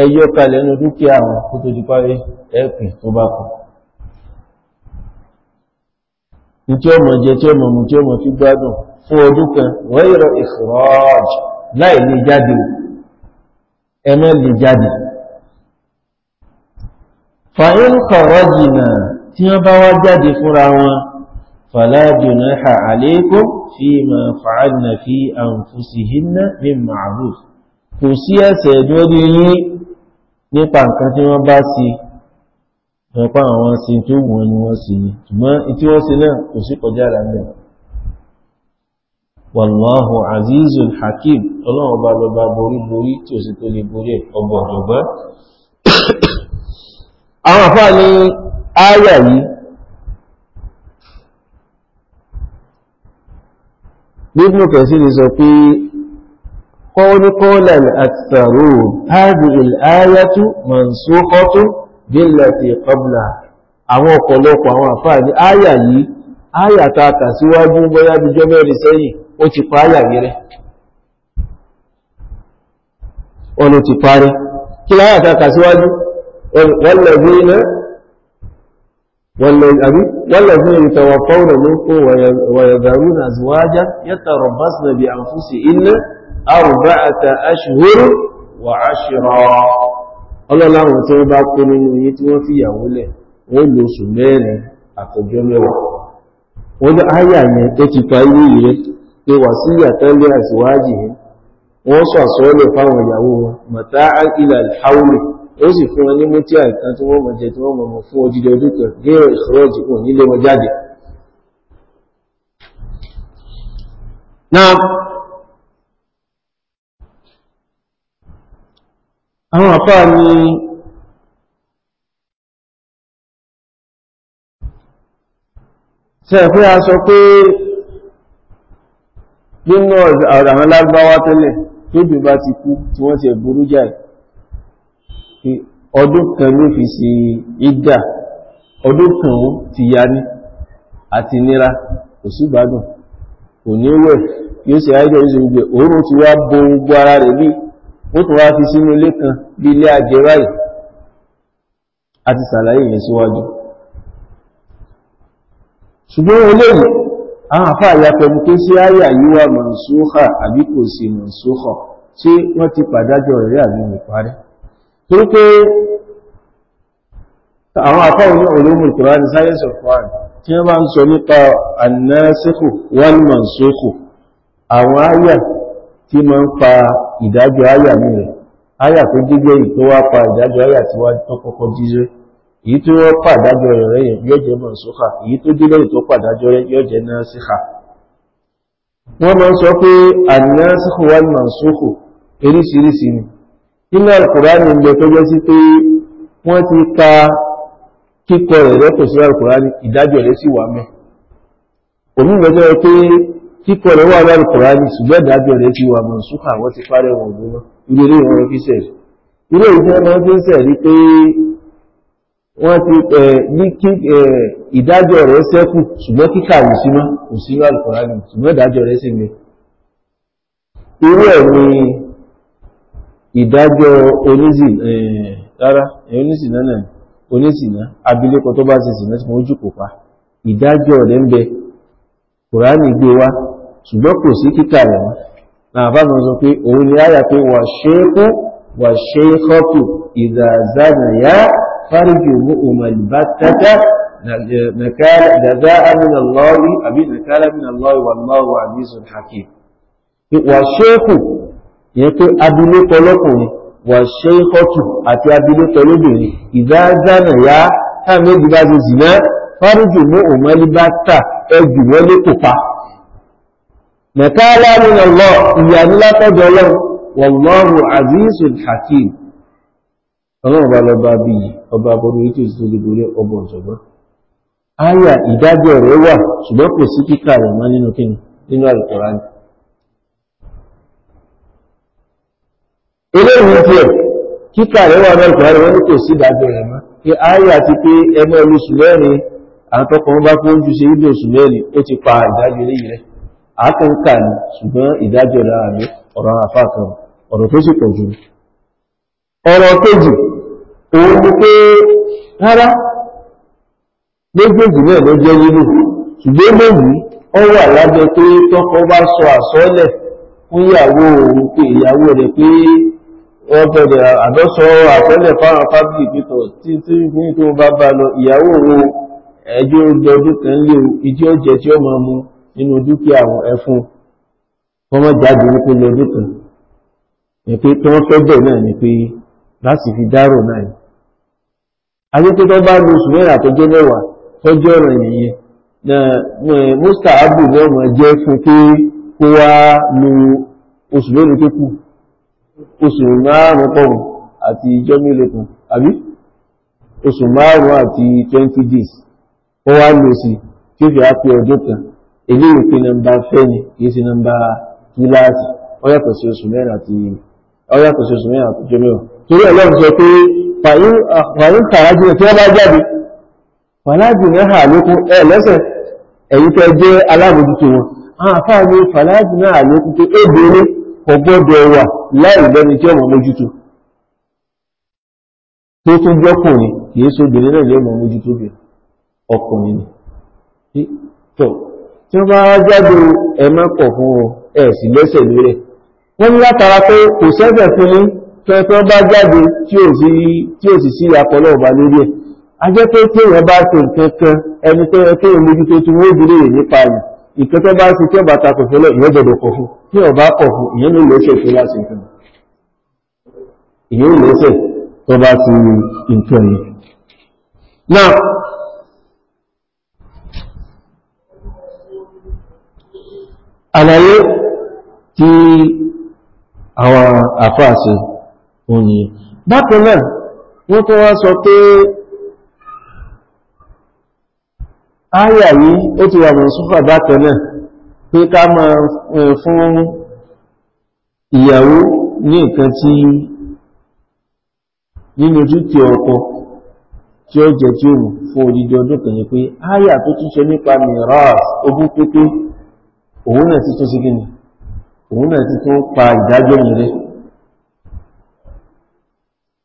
ẹyọ kalẹ̀ nínú dúkìá àwọn kó tó di parí ẹ̀pìn tó bá kù ní tí ọmọ jẹ tí ọmọ mú tí ọmọ fi gbádùn fún ọdún kan wẹ́yọ̀rọ̀ ìfọ̀rọ̀ọ̀jì láì lè jáde ẹ lè jáde fàyín kọ̀rọ̀ jìnnà tí wọ́n bá wá jáde fúnra wọn fala junaha alaykum fima fa'alna fi anfusihinna min ma'ruf kò sí ẹ̀ṣẹ̀ lórí yín nípa nǹkan tí wọ́n bá sí ẹ̀pá àwọn sí tó wọ́n ni wọ́n sí ni ṣùgbọ́n tí wọ́n sí náà kò sí kọjá àlàndẹ̀ wàláhù azizul hakim ọlọ́run bá lọ bá borí borí tí ó sì tó lè borí ọgbọ̀n ọ̀gbọ́n àwọn àfáà ni ááyà yìí nínú kẹsí ni sọ pé قول قولا الأكثرون هذه الآية منسوخة بالتي قبلها àwọn ọ̀pọ̀lọpọ̀ àwọn àfáà ní áyà yìí áyà ta kà síwájú bóyá bíjọ́ mẹ́rin sẹ́yìn ó ti pa áyà gẹ́rẹ́ ọ̀nà ti parẹ́ kí láyà ta kà síwájú wal والذين يتوفون منكم ويذرون أزواجا يتربصن بأنفسهن أربعة أشهر وعشرا Ọlọ́run láwọn tí wọ́n bá kó nínú yí tí wọ́n fi yàwó lẹ̀ wọ́n lò oṣù mẹ́rin àtọjọ́ mẹ́wàá. Wọ́n dá áyà yẹn tó ti pa ilé ìrẹ́ pé wà sí ìyàtọ́lẹ̀ àṣíwájì yẹn, wọ́n sọ àṣọ́ọ́lẹ̀ fáwọn ìyàwó wọn, mọ̀tá áìlà ìháwùlẹ̀ ó sì fún wọn ní mútí àìkan tí wọ́n mọ̀ jẹ tí wọ́n mọ̀ fún odidi ọdún ní ìṣòrọ̀jì wọn nílé wọn jáde náà àwọn àpá ni ṣe pé a sọ pé nínú ọ̀rọ̀ àwọn lágbáwá tẹ́lẹ̀ tóbi bá ti kú tí wọ́n ti ẹ̀bùrú jáì ọdún kan ló fi ṣe ìdà ọdún kan ó ti ya ní àti nira kò sí ìgbádùn kò ní wẹ̀ yóò ṣe àìjọ yóò ṣe gbogbo òórùn ti wá bo gbogbo ara rẹ̀ bí ó tún wá fi sínú ilé kan bí ilé àjẹ báyìí a ti yẹn síwájú ṣùgbọ́n eléyìí àwọn àfá àyàfẹ́mú pé sí àyà yìí wà àbí kò sí mọ̀nsúkà tí wọ́n ti pàdájọ́ rẹ̀ àbí ìparí torí pé àwọn àfáwọn ní ulumul Qur'an science of Quran tí wọ́n bá ń sọ nípa annasikhu wal mansukhu àwọn áyà tí ma ń pa ìdájọ́ áyà mi rẹ̀ áyà tó jíjẹ́ yìí tó wá pa ìdájọ́ áyà tí wá tó jíjẹ́ èyí tó wọ́n pàdájọ́ rẹ̀ rẹ̀ yóò jẹ́ mansukha èyí tó dílé tó pàdájọ́ rẹ̀ yóò jẹ́ wọ́n ma ń sọ pé annasikhu wal mansukhu eríṣiríṣi ni nínú alkùránì ń bẹ tó jẹ́ sí pé wọ́n ti ka kíkọ rẹ̀ lọ́tọ̀ sí alkùránì ìdájọ́ rẹ̀ sì wà mẹ́ òmí ìgbẹ́ tó yẹ pé kíkọ rẹ̀ wà lọ́rọ̀ kùránì ṣùgbọ́n ìdájọ́ rẹ̀ ti wà mọ̀ ṣúkà wọ́n ti parẹ́ wọn gbóná ilé ilé wọn fi sẹ̀ ilé ìfẹ́ wọn fi sẹ̀ rí pé wọ́n ti ní kí ìdájọ́ rẹ̀ sẹ́kù ṣùgbọ́n kíkà yìí símọ́ kò sí lọ́rọ̀ ṣùgbọ́n ìdájọ́ rẹ̀ sì mẹ́ irú ẹ̀ ni ìdájọ́ onísìnà eh, eh, onísìnà abilékọ tó bá ṣe sìnà tí wọ́n jù kò pa ìdájọ́ rẹ̀ ń bẹ kùránì gbé wá ṣùgbọ́n kò sí kíkà rẹ̀ wọ́n náà fáwọn sọ pé òun ni áyà pé wà ṣe kú wà ṣe kọ́kù ìdàzánà yá fáríjì mú òmàlìbá tátá جزاء من الله أبي نكال من الله والله عزيز حكيم والشيخ ìyẹn pé abilékọ lọ́kùnrin wà ṣe ìkọ́tù àti abilékọ lóbìnrin ìdájánà yá táàmì bá ti zìnà fáríjì mú òmọ́lí bá tà ẹjù wọ́n lé kò pa mẹ̀káàlá nínú lọ ìyà ní látọ́jọ́ ọlọ́run wallahu azizul hakim ọlọ́run bá lọ bá bí ọba aborí ètò ìsìnlẹ̀ ọgbọ̀n ọ̀jọ̀gbọ́n áyà ìdájọ́ rẹ̀ wà ṣùgbọ́n kò sí kíkà rẹ̀ mọ́ nínú kíni nínú àlùkùránì eléyìí tí ẹ̀ kíkà rẹ̀ wà náà kùnrin wọn ní kò sí ìdájọ́ rẹ̀ mọ́ pé ayé àti pé ẹmọ ẹlú sùmẹ́rin àtọkùnrin bá kún jù ṣe ìdò sùmẹ́rin ó ti pa ìdájọ́ eléyìí rẹ̀ àtúnkà ní ṣùgbọ́n ìdájọ́ rẹ̀ àmì ọ̀rọ̀ àfáàkan ọ̀rọ̀ tó sì pọ̀ jù ọ̀rọ̀ kejì òun ni pé rárá méjèèjì náà ló jẹ́ nínú ṣùgbọ́n méjì ọ wà lábẹ́ pé tọ́kọ bá sọ àsọ́lẹ̀ ìyàwó rẹ̀ pé wọ́n bẹ̀rẹ̀ àdọ́sọ àpẹẹlẹ̀ fáwọn fábílì pítọ̀ tí tí ní tó bá bá lọ ìyàwó òun ẹjọ́ lọ́dún kan lé ìdí ọ̀jẹ̀ tí ó máa mu nínú dúkìá àwọn ẹfun wọ́n mọ̀ jáde wípé lọ́dún kan ni pé tí wọ́n fẹ́ bẹ̀ náà ni pé láti fi dárò náà ni àdékò tó bá lu sùmẹ́rà tó jẹ́ mẹ́wàá tọ́jú ọ̀rọ̀ ìyẹn na mustaabu náà mọ̀ jẹ́ fún pé kó wá lu oṣù lónìí tó kù oṣù márùn-ún pọ̀wọ̀n àti ìjọ mélòó kan àbí oṣù márùn-ún àti 20 days ó wá lò sí tí ó fi á pé ọdún kan èlé ìpín nọmbà fẹ́ni kìí sí nọmbà kíláàsì ó yàtọ̀ sí oṣù mẹ́rin àti ìjọ mẹ́wàá torí ọlọ́run sọ pé fàyín tàrájú tí wọ́n bá jáde fàlájì ní àhà lókún ẹ lẹ́sẹ̀ ẹ̀yí tẹ́ jẹ́ alábòjútó wọn àwọn àfáà kò gbọ́dọ̀ wà láì lẹ́ni tí ọmọ mójútó tó tún jọ́kùnrin kìí sóbìnrin náà lẹ́mọ̀ mójútó bìnrin ọkùnrin ni tó tí wọ́n bá jáde ẹ̀mọ́ pọ̀ fún ọ ẹ̀ sì lẹ́sẹ̀ lérẹ̀ wọ́n ní látara pé kò sẹ́fẹ̀ fún ní tẹ́tọ́ bá jáde tí ò sì sí apọ̀lọ́ ọba lórí ẹ̀ a jẹ́ pé tí èèyàn bá ṣe nǹkan kan ẹni tó yẹ kéèyàn mójútó tí wọ́n ó bìnrin nípa yìí ìkẹ́ tó bá ti tí ó bá takò fẹ́lẹ̀ ìyẹn jẹ́dọ̀ kọ̀ fún tí ó bá kọ̀ fún ìyẹn ló lóṣẹ̀ tó láti nǹkan ìyẹn lóṣẹ̀ tó bá ti nǹkan yìí náà àlàyé tí àwọn àfáàṣe òní bákan náà wọ́n tó wá sọ pé áyà yìí ó ti wà mọ̀ súnfà bákan náà pé ká máa fún ìyàwó ní tí nínú ọkọ tí ó jẹ tí ó mú fún kan pé tó tún ṣe nípa mìíràn ogún pípé òun náà ti tún sí òun náà ti tún pa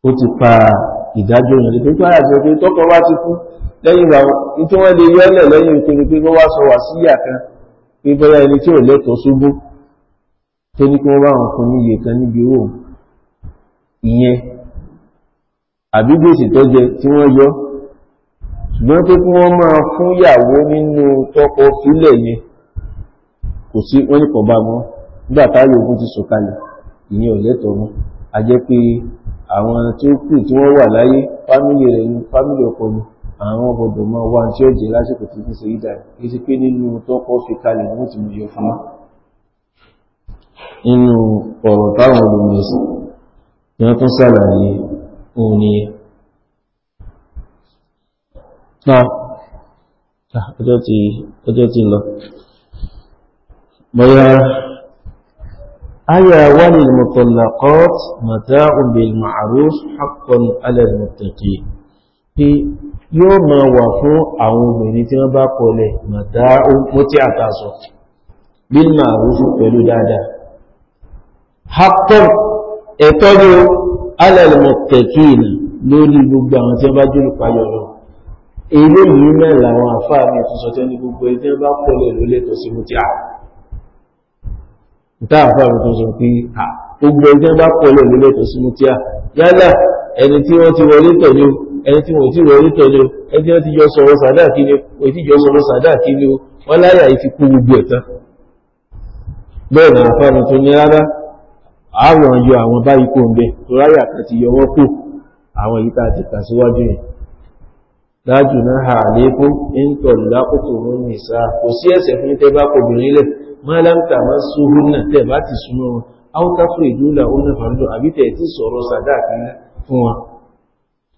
ìdájọ́ ti pa ìdájọ́ lẹ́yìn ìgbà tí wọ́n lè yọ́ lẹ̀ lẹ́yìn ìpele pé wọ́n wá sọ wà sí ìyà kan pé bọ́yá ẹni tí ò lẹ́tọ̀ọ́ ṣubú tó ní kí wọ́n bá wọn fún ní iye kan níbi owó ìyẹn àbí gbèsè tó jẹ tí wọ́n yọ ṣùgbọ́n pé kí wọ́n máa fún ìyàwó nínú tọkọ sílẹ̀ yẹn kò sí wọ́n ní kọ̀ọ̀bá mọ́ nígbà táyé ogun ti sọ̀kalẹ̀ ìyẹn ò lẹ́tọ̀ọ́ mọ́ a jẹ́ pé àwọn tó kù tí wọ́n wà láyé fámìlì rẹ̀ ni fámìlì ọkọ mi àwọn gbọdọ̀ máa wá tí ó jẹ lásìkò tí ń ṣe ìdá kìí sí pé nínú tọ́kọ́ fi kalẹ̀ wọ́n ti mú yọ fún wọn nínú ọ̀rọ̀ táwọn olùmọ̀sí ni wọ́n tún sàlàyé òun ni ọjọ́ ti lọ bọ́yá ayà wà ní mọ̀tọ̀lọ̀kọ́t mata'un bil ma'ruf yóò máa wà fún àwọn obìnrin tí wọ́n bá kọlẹ̀ mọ̀tá mọ́tí àtàsọ̀ bil ma'ruf pẹ̀lú dáadáa haqqan ẹ̀tọ́ ni ala al-muttaqin lórí gbogbo àwọn tí wọ́n bá jùlọ payọ̀ lọ ilé yìí náà làwọn àfáà mi tún sọ tẹ́ni gbogbo ẹni tí wọ́n bá kọlẹ̀ ló lẹ́tọ̀ sí mọ́tí à ìta àfáà mi tún sọ pé gbogbo ẹni tí wọ́n bá kọlẹ̀ ló lẹ́tọ̀ sí mọ́tí à yálà ẹni tí wọ́n ti wọlé tẹ̀lé ẹni tí wọ́n ti rọ orí tẹ̀lé ẹni tí wọ́n ti jọ sọ̀rọ̀ sàdáàkì ni wọ́n jọ wọ́n láyà ìfi kú gbogbo bẹ́ẹ̀ tó ní rárá àwọn yọ àwọn báyìí kò ń bẹ tó ráyà ti yọwọ́ kù àwọn yìí tá a ti kà síwájú yẹn dájú náà hà lékú ń tọ̀ lákòókò mú kò ti súnmọ́ wọn náà ti sọ̀rọ̀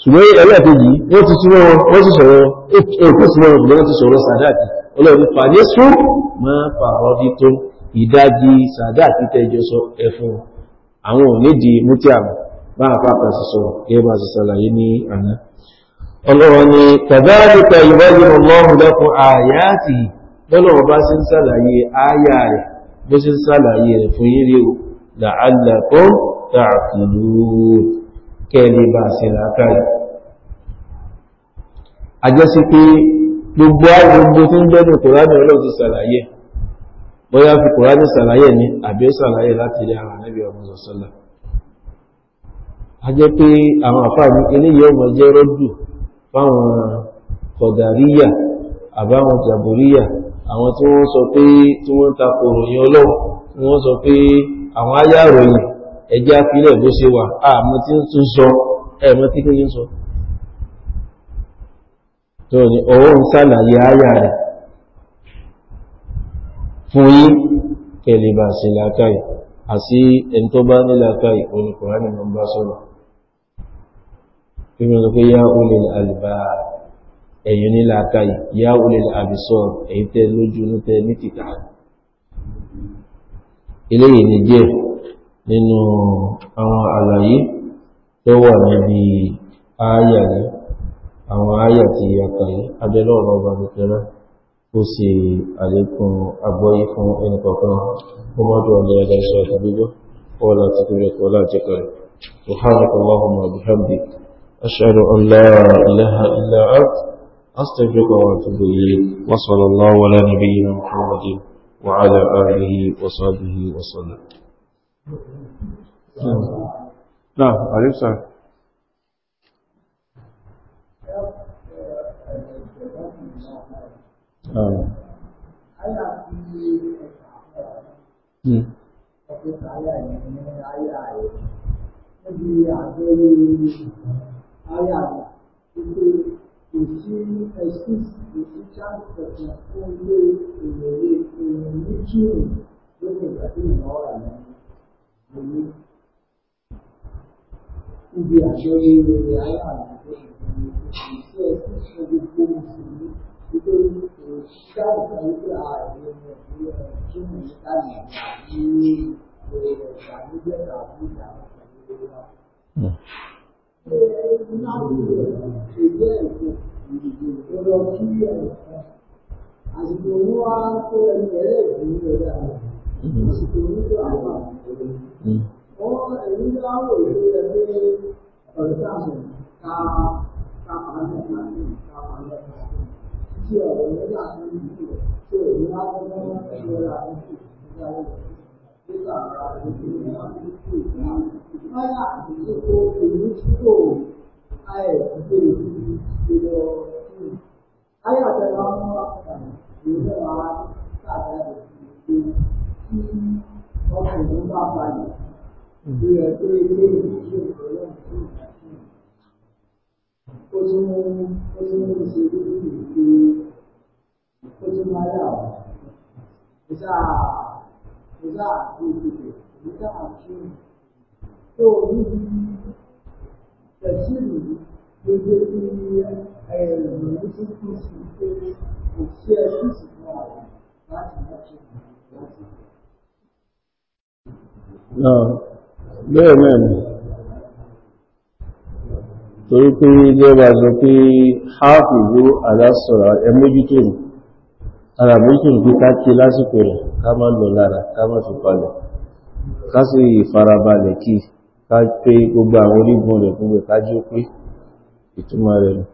ṣùgbọ́n ẹlẹ́ẹ̀kejì wọ́n ti súnmọ́ wọ́n ti sọ̀rọ̀ èkó súnmọ́ ṣùgbọ́n wọ́n ti sọ̀rọ̀ sàdáàkì ọlọ́run fàdé sún máa fàrọ̀ bí tó ìdájí sàdáàkì tẹ́jọ sọ ẹ̀fún àwọn ònídi mútíàm bá àpapọ̀ sísọ gẹ́gbà sí sàlàyé ní àná ọlọ́run ni tàbáàlùkà ìwádìí ọlọ́run lẹ́kùn àyàtì lọ́lọ́run bá sí ń kẹ́ẹ̀lẹ́ bá ṣe làákàrí àjẹ́sí pé gbogbo agbogbo tí ń jẹ́nu kòránì ọlọ́ ti sàlàyé bóyá fi kòránì sàlàyé ní àbí sàlàyé láti rí àwọn ànábì ọmọ sọ́lá a jẹ́ pé àwọn àfáàní eléyìí ọmọ jẹ́ rọ́dù fáwọn kọ̀dàríyà àbáwọn jàbòríyà àwọn tí wọ́n sọ pé tí wọ́n ta kòròyìn ọlọ́run wọ́n sọ pé àwọn ayá ròyìn ẹjẹ́ afilẹ̀ bó ṣe wà àmọ́ tí ń tún sọ ẹ̀mọ́ tí kí ń sọ tó ní ọwọ́ ń sàlàyé ayà rẹ̀ fún yí kẹlìbà sí làkàì àti ẹni tó bá ní làkàì olùkùnrin mọ̀ bá sọ̀rọ̀ kí mẹ́rin pé yá olè àlìbà ẹ̀yìn ní làkàì yá olè àbìsọ̀ èyí tẹ́ lójú ní tẹ́ ní títà eléyìí ni díẹ̀ nínú àwọn àlàyé tó wà níbi ááyà yìí àwọn ááyà ti yàtà yìí abẹ́lọ́ ọ̀rọ̀ ọba nìkẹ́lá ó sì àlékún agbóyí fún ẹnì kọ̀ọ̀kan ó mọ́jú ọ̀nà ẹ̀dà iṣẹ́ ọ̀tà gbígbọ́ ọ̀la ti kúrẹ̀ kọ́ láti kẹrẹ̀ وعلى آله وصحبه وسلم نعم عليه السلام Thank you níbi àjọyé rere aláàbò ìṣe ṣíṣe gbogbo mùsùlùmí nítorí kò ṣáàbà wípé ààrẹ nàìjíríà kí ni ìdáhùn àbí ìgbà níbẹ̀ tàbí ìdáhùn pẹ̀lú wa. Ìnáwó ẹgbẹ́ ẹ̀kọ́ ìdìbò lọ́dọ̀ kí ẹ̀kọ́ àti ìdòwú wa tó ẹgbẹ́ ẹ̀kọ́ ní အဲ့ဒါကတော့ဒီလိုပါစတယ်我普通大专，对啊，对对，技术含量不咋地。做做些低级，做些材料，不咋不咋低级，不咋低。做低的，低级有些低级，哎，我们今天请些五千。bẹ́ẹ̀ náà ni torí pé jẹba sọ pé háàfù ló àdásọ̀rọ̀ ẹmójútó ní ara mójútó ní pípa kí lásìkò rẹ̀ ká má lọ lára ká má fi palẹ̀ ká sì farabalẹ̀ kí ká pé gbogbo àwọn orígun rẹ̀ gbogbo ìkájú pé ìtumọ̀ rẹ̀ ni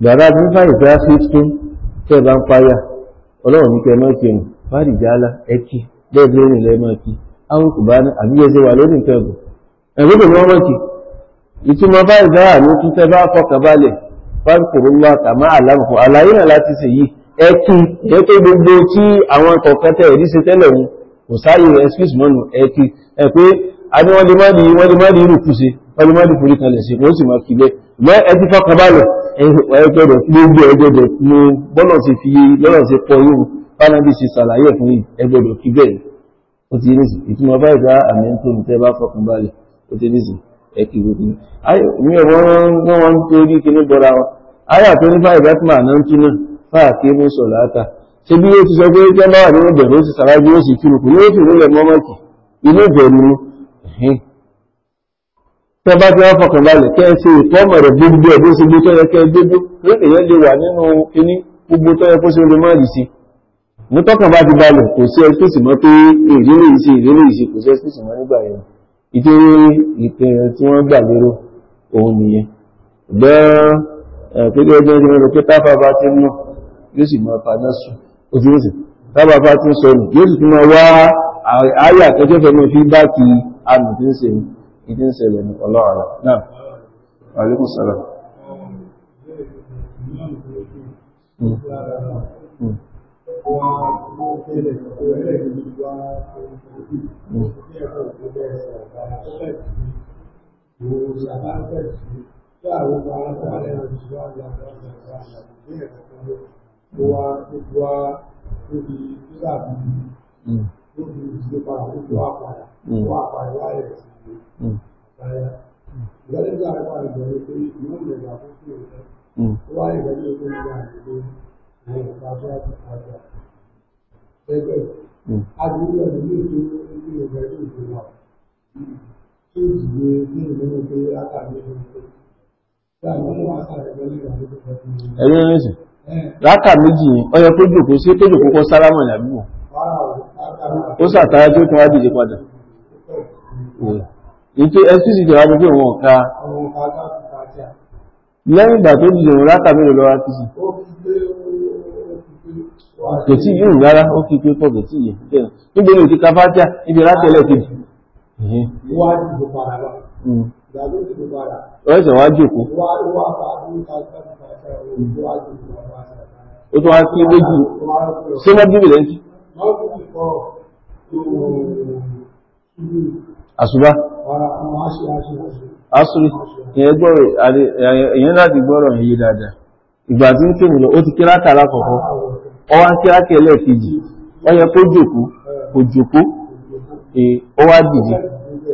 gbàdá ah, bẹ́ẹ̀ bí orin ilẹ̀ máa kí àwọn kò bá ní àbí ẹsẹ̀ wà lórí nǹkan ẹ̀bùn ẹ̀gbọ́dọ̀ ni wọ́n mọ̀ kí ìtumọ̀ bá ìdára ní títẹ́ bá fọkàn balẹ̀ fáńkùrú ńlá tàmá àlàmùkù àlàyé náà láti ṣe yìí ẹ kí ẹ tó gbogbo tí àwọn kọ̀ọ̀kan tẹ̀ rí ṣe tẹ́lẹ̀ wọn kò sáyé excuse mọ́nu ẹ kí ẹ pé a ní wọ́n lè má di wọ́n lè má di irú kù ṣe wọ́n lè má di forí kalẹ̀ ṣe wọ́n sì máa fi bẹ́ẹ̀ mọ́ ẹ ti fọkàn balẹ̀ ẹ gbọ́dọ̀ gbogbo ẹ gbọ́dọ̀ ní bọ́lọ̀ ṣe fi lọ́rọ̀ ṣe pọ̀ yóò fánàbí ṣe ṣàlàyé fún yìí ẹ gbọ́dọ̀ kí bẹ́ẹ̀ ó ti ní sùn ìtumọ̀ báyìí dá àmì ń tó nìtẹ́ bá fọkàn balẹ̀ ó ti ní sùn ẹ kí gbogbo mi ò wọ́n wọ́n torí kíní bọ́ra wọn ayà tó ní báyìí bá túmọ̀ àná ń kí náà fáà kí mú sọ̀ láta ṣe bí ó ti sọ pé jẹ́ báwà nínú bẹ̀rù ó sì ṣàlàyé ó sì kírun kù ní ó sì nílẹ̀ mọ́mọ́kì inú bẹ̀rù ni tẹ bá ti wá fọkàn balẹ̀ kẹ́ ẹ ṣe ìfọ́mọ̀ rẹ̀ gbogbo ẹ̀ bó ṣe gbé tó kẹ́ ẹ gbé bó lónìí yẹn lè wà nínú kíní gbogbo tó kó ṣe lè má rì sí i mú tọ́kàn bá ti balẹ̀ kò sí ẹ́sìtìsì mọ́ pé ìrírí ìsì ìrírí ìsì kò sí ẹ́sìtìsì mọ́ nígbà yẹn ìdí ìpinnu tí wọ́n gbà lérò òun nìyẹn ṣùgbọ́n pẹ̀lú ẹgbẹ́ ìdí wọn pé tábà bá ti mọ̀ yóò sì mọ padà sùn ó ti rìn tábà bá ti sọ nù yóò sì tún máa wá ayé àtọ́jọ́ fẹ́mi fi bá ti àmì tí ń ṣe ìdí ń ṣẹlẹ̀ ní ọlọ́ọ̀rọ̀ náà alaikum Ìgbàlejò àwọn àgbẹ̀ ni pé ìmọ̀ ìgbàlejò àkókò ìgbà wáyé ìgbàlejò tó ń gbà ìgbàlejò ẹ̀yẹ́ rẹ̀sì rákà méjì yìí yẹ kó jòkó sí tó jòkó kọ́ sálámà ìlàbíwọ̀n ó sàtàrà tó tún wádìí jẹ padà ìtò fcc jẹ̀wà gbogbo ìwọ̀n ká lẹ́yìn ìgbà tó dìde òun rákà mélòó lọ́wọ́ fcc kò tí yìí rárá ó kí pé pọ̀bẹ̀ tí yìí bẹ̀rẹ̀ níbi ní ìkíkà bá jà kejì ọ̀ẹ́sẹ̀ láti gbọ́rọ̀ dáadáa ìgbà tí ń lọ ó ti kí ọwá ń kíráàkì ẹlẹ́ẹ̀kejì wọ́n yẹ kó jòkó kò jòkó ó wá dìde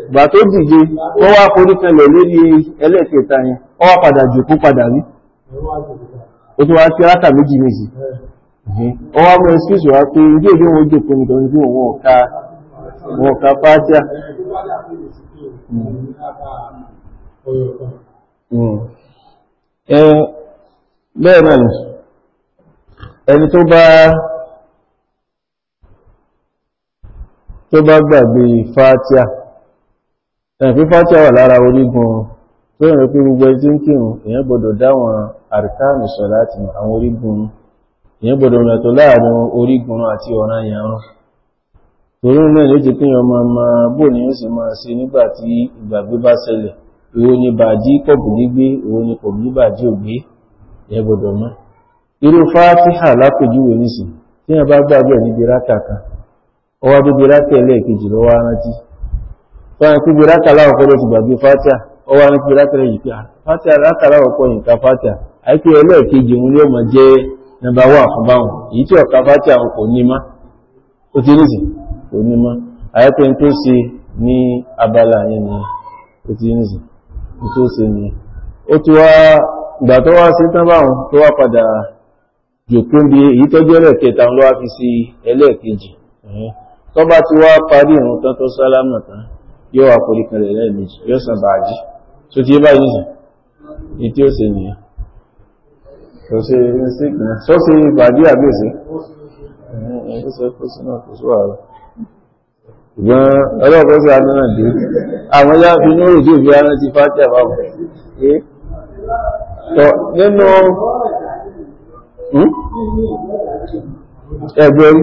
ìgbà tó dìde wọ́n wá forí kanlẹ̀ lórí ẹlẹ́ẹ̀kẹta yẹn ó wá padà jòkó padà rí ó tó wá kíráàkà méjì méjì ó wá mọ ẹsíṣù wá pé ilé ìdí òun jòkó nìkan ní òun ọ̀ka òun ọ̀ka fáájá hmm. hmm. bẹ́ẹ̀ náà ẹni tó bá tó bá gbàgbé fátíà ẹ̀fí fátíà wà lára orígun tó rẹ̀ pé gbogbo ẹjí ń kírun èyàn gbọdọ̀ dáwọn àrìkáàmì sọ láti àwọn orígun èyàn gbọdọ̀ mẹ́tọ̀ láàrin orígun àti ọ̀ràn ìyàrún torí mẹ́rin ló ti pín ọmọ ọmọ bò ní ó sì máa ṣe nígbà tí ìgbàgbé bá ṣẹlẹ̀ ìwo ni bàjí kọ̀bù nígbé ìwo ni kọ̀bù nígbà tí ò gbé ìyẹn gbọdọ̀ mọ́ irú fátíhà lápòjúwò nísìn tí wọ́n bá gbàgbé níbi rákà kan ọwá rákà ẹlẹ́ẹ̀kejì lọ́wọ́ rántí fáwọn pípé rákà láwọ̀kọ́ ló ti gbàgbé fátíhà ọwá ní rákà lẹ́yìn pé ah, fátíhà rákà láwọ̀kọ́ yìí ká fátíhà àìpé ẹlẹ́ẹ̀kejì ló jẹ́ wà fún báwọn èyí tí ọ̀ka kò ní ó ti kò ní àìpé tó ṣe ní abala yẹn ni ó ti tó ṣe ó jòkó bí èyí tọ́jú ẹlẹ́kẹta ló wá fi sí ẹlẹ́ẹ̀kejì tó bá ti wá parí ìrun tán tó sálámà tán yóò wá forí kan lẹ̀ lẹ́ẹ̀mejì yóò sàn bàájí tó ti bá yìí ní tí ó ṣe nìyẹn kò ṣe mistake náà sọ ṣe bàájí àgbèsè ó sọ pé sínú kò sí wàhálà ṣùgbọ́n ọlọ́pàá sí àdúrà dé àwọn yá fi ní òròdì òbí ara ti fàájì àbáwọ̀ nínú Hmm? ẹgbẹ́ rí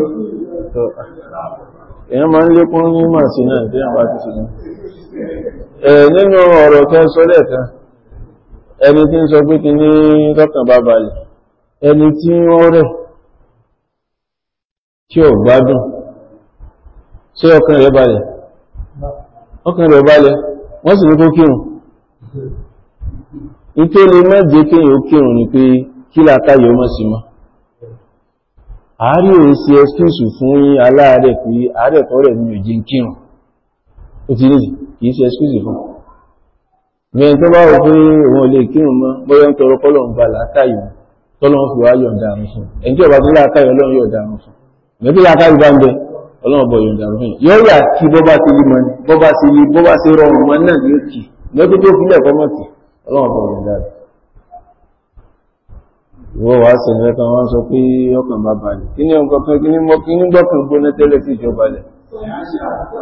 èyàn máa ń lékún ní màsí náà tí àwọn àti ṣùgbọ́n nínú ọ̀rọ̀ kan sọ lẹ́ẹ̀kan ẹni tí ń sọ pé kí ní lọ́kàn bá balẹ̀ ẹni tí wọ́n rẹ̀ kí ò gbádùn ṣé ọkàn rẹ̀ balẹ̀ ọkàn rẹ̀ balẹ̀ wọ́n sì ní kó ìtẹ́lẹ̀ mẹ́jẹ pé kí làákàyè ọmọ sí mọ́ ààrí ò sí ẹ́skìsù fún aláàrẹ̀ pé ààrẹ̀ tọ́rẹ̀ ní òjì kírùn ó ti rí kìí sí ẹ́skìsù fún mẹ́rin tó bá wọ́n pé òun lè kírùn mọ́ bọ́yọ́ ń tọrọ kọ́lọ̀ ń gba làákàyè tọ́lọ́n fi wá yọ̀ǹda àrùn fún ẹni tí ọba tó làákàyè ọlọ́run yọ̀ǹda àrùn bá ń bẹ fi lẹ̀kọ́ mọ́ ìwọ wàá sẹ̀lẹ̀ kan wọ́n sọ pé ọkàn bá balẹ̀ kí ní ọkàn kan kí ní mọ́ kí ní gbọ́kàn gbóná tẹ́lẹ̀ sí ìjọ balẹ̀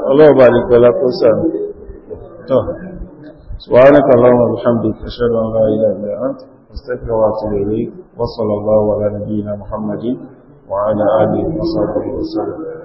ọlọ́ọ̀bà ní pẹ̀lá kó sàrù tọ́ سبحانك اللهم وبحمدك أشهد أن لا إله إلا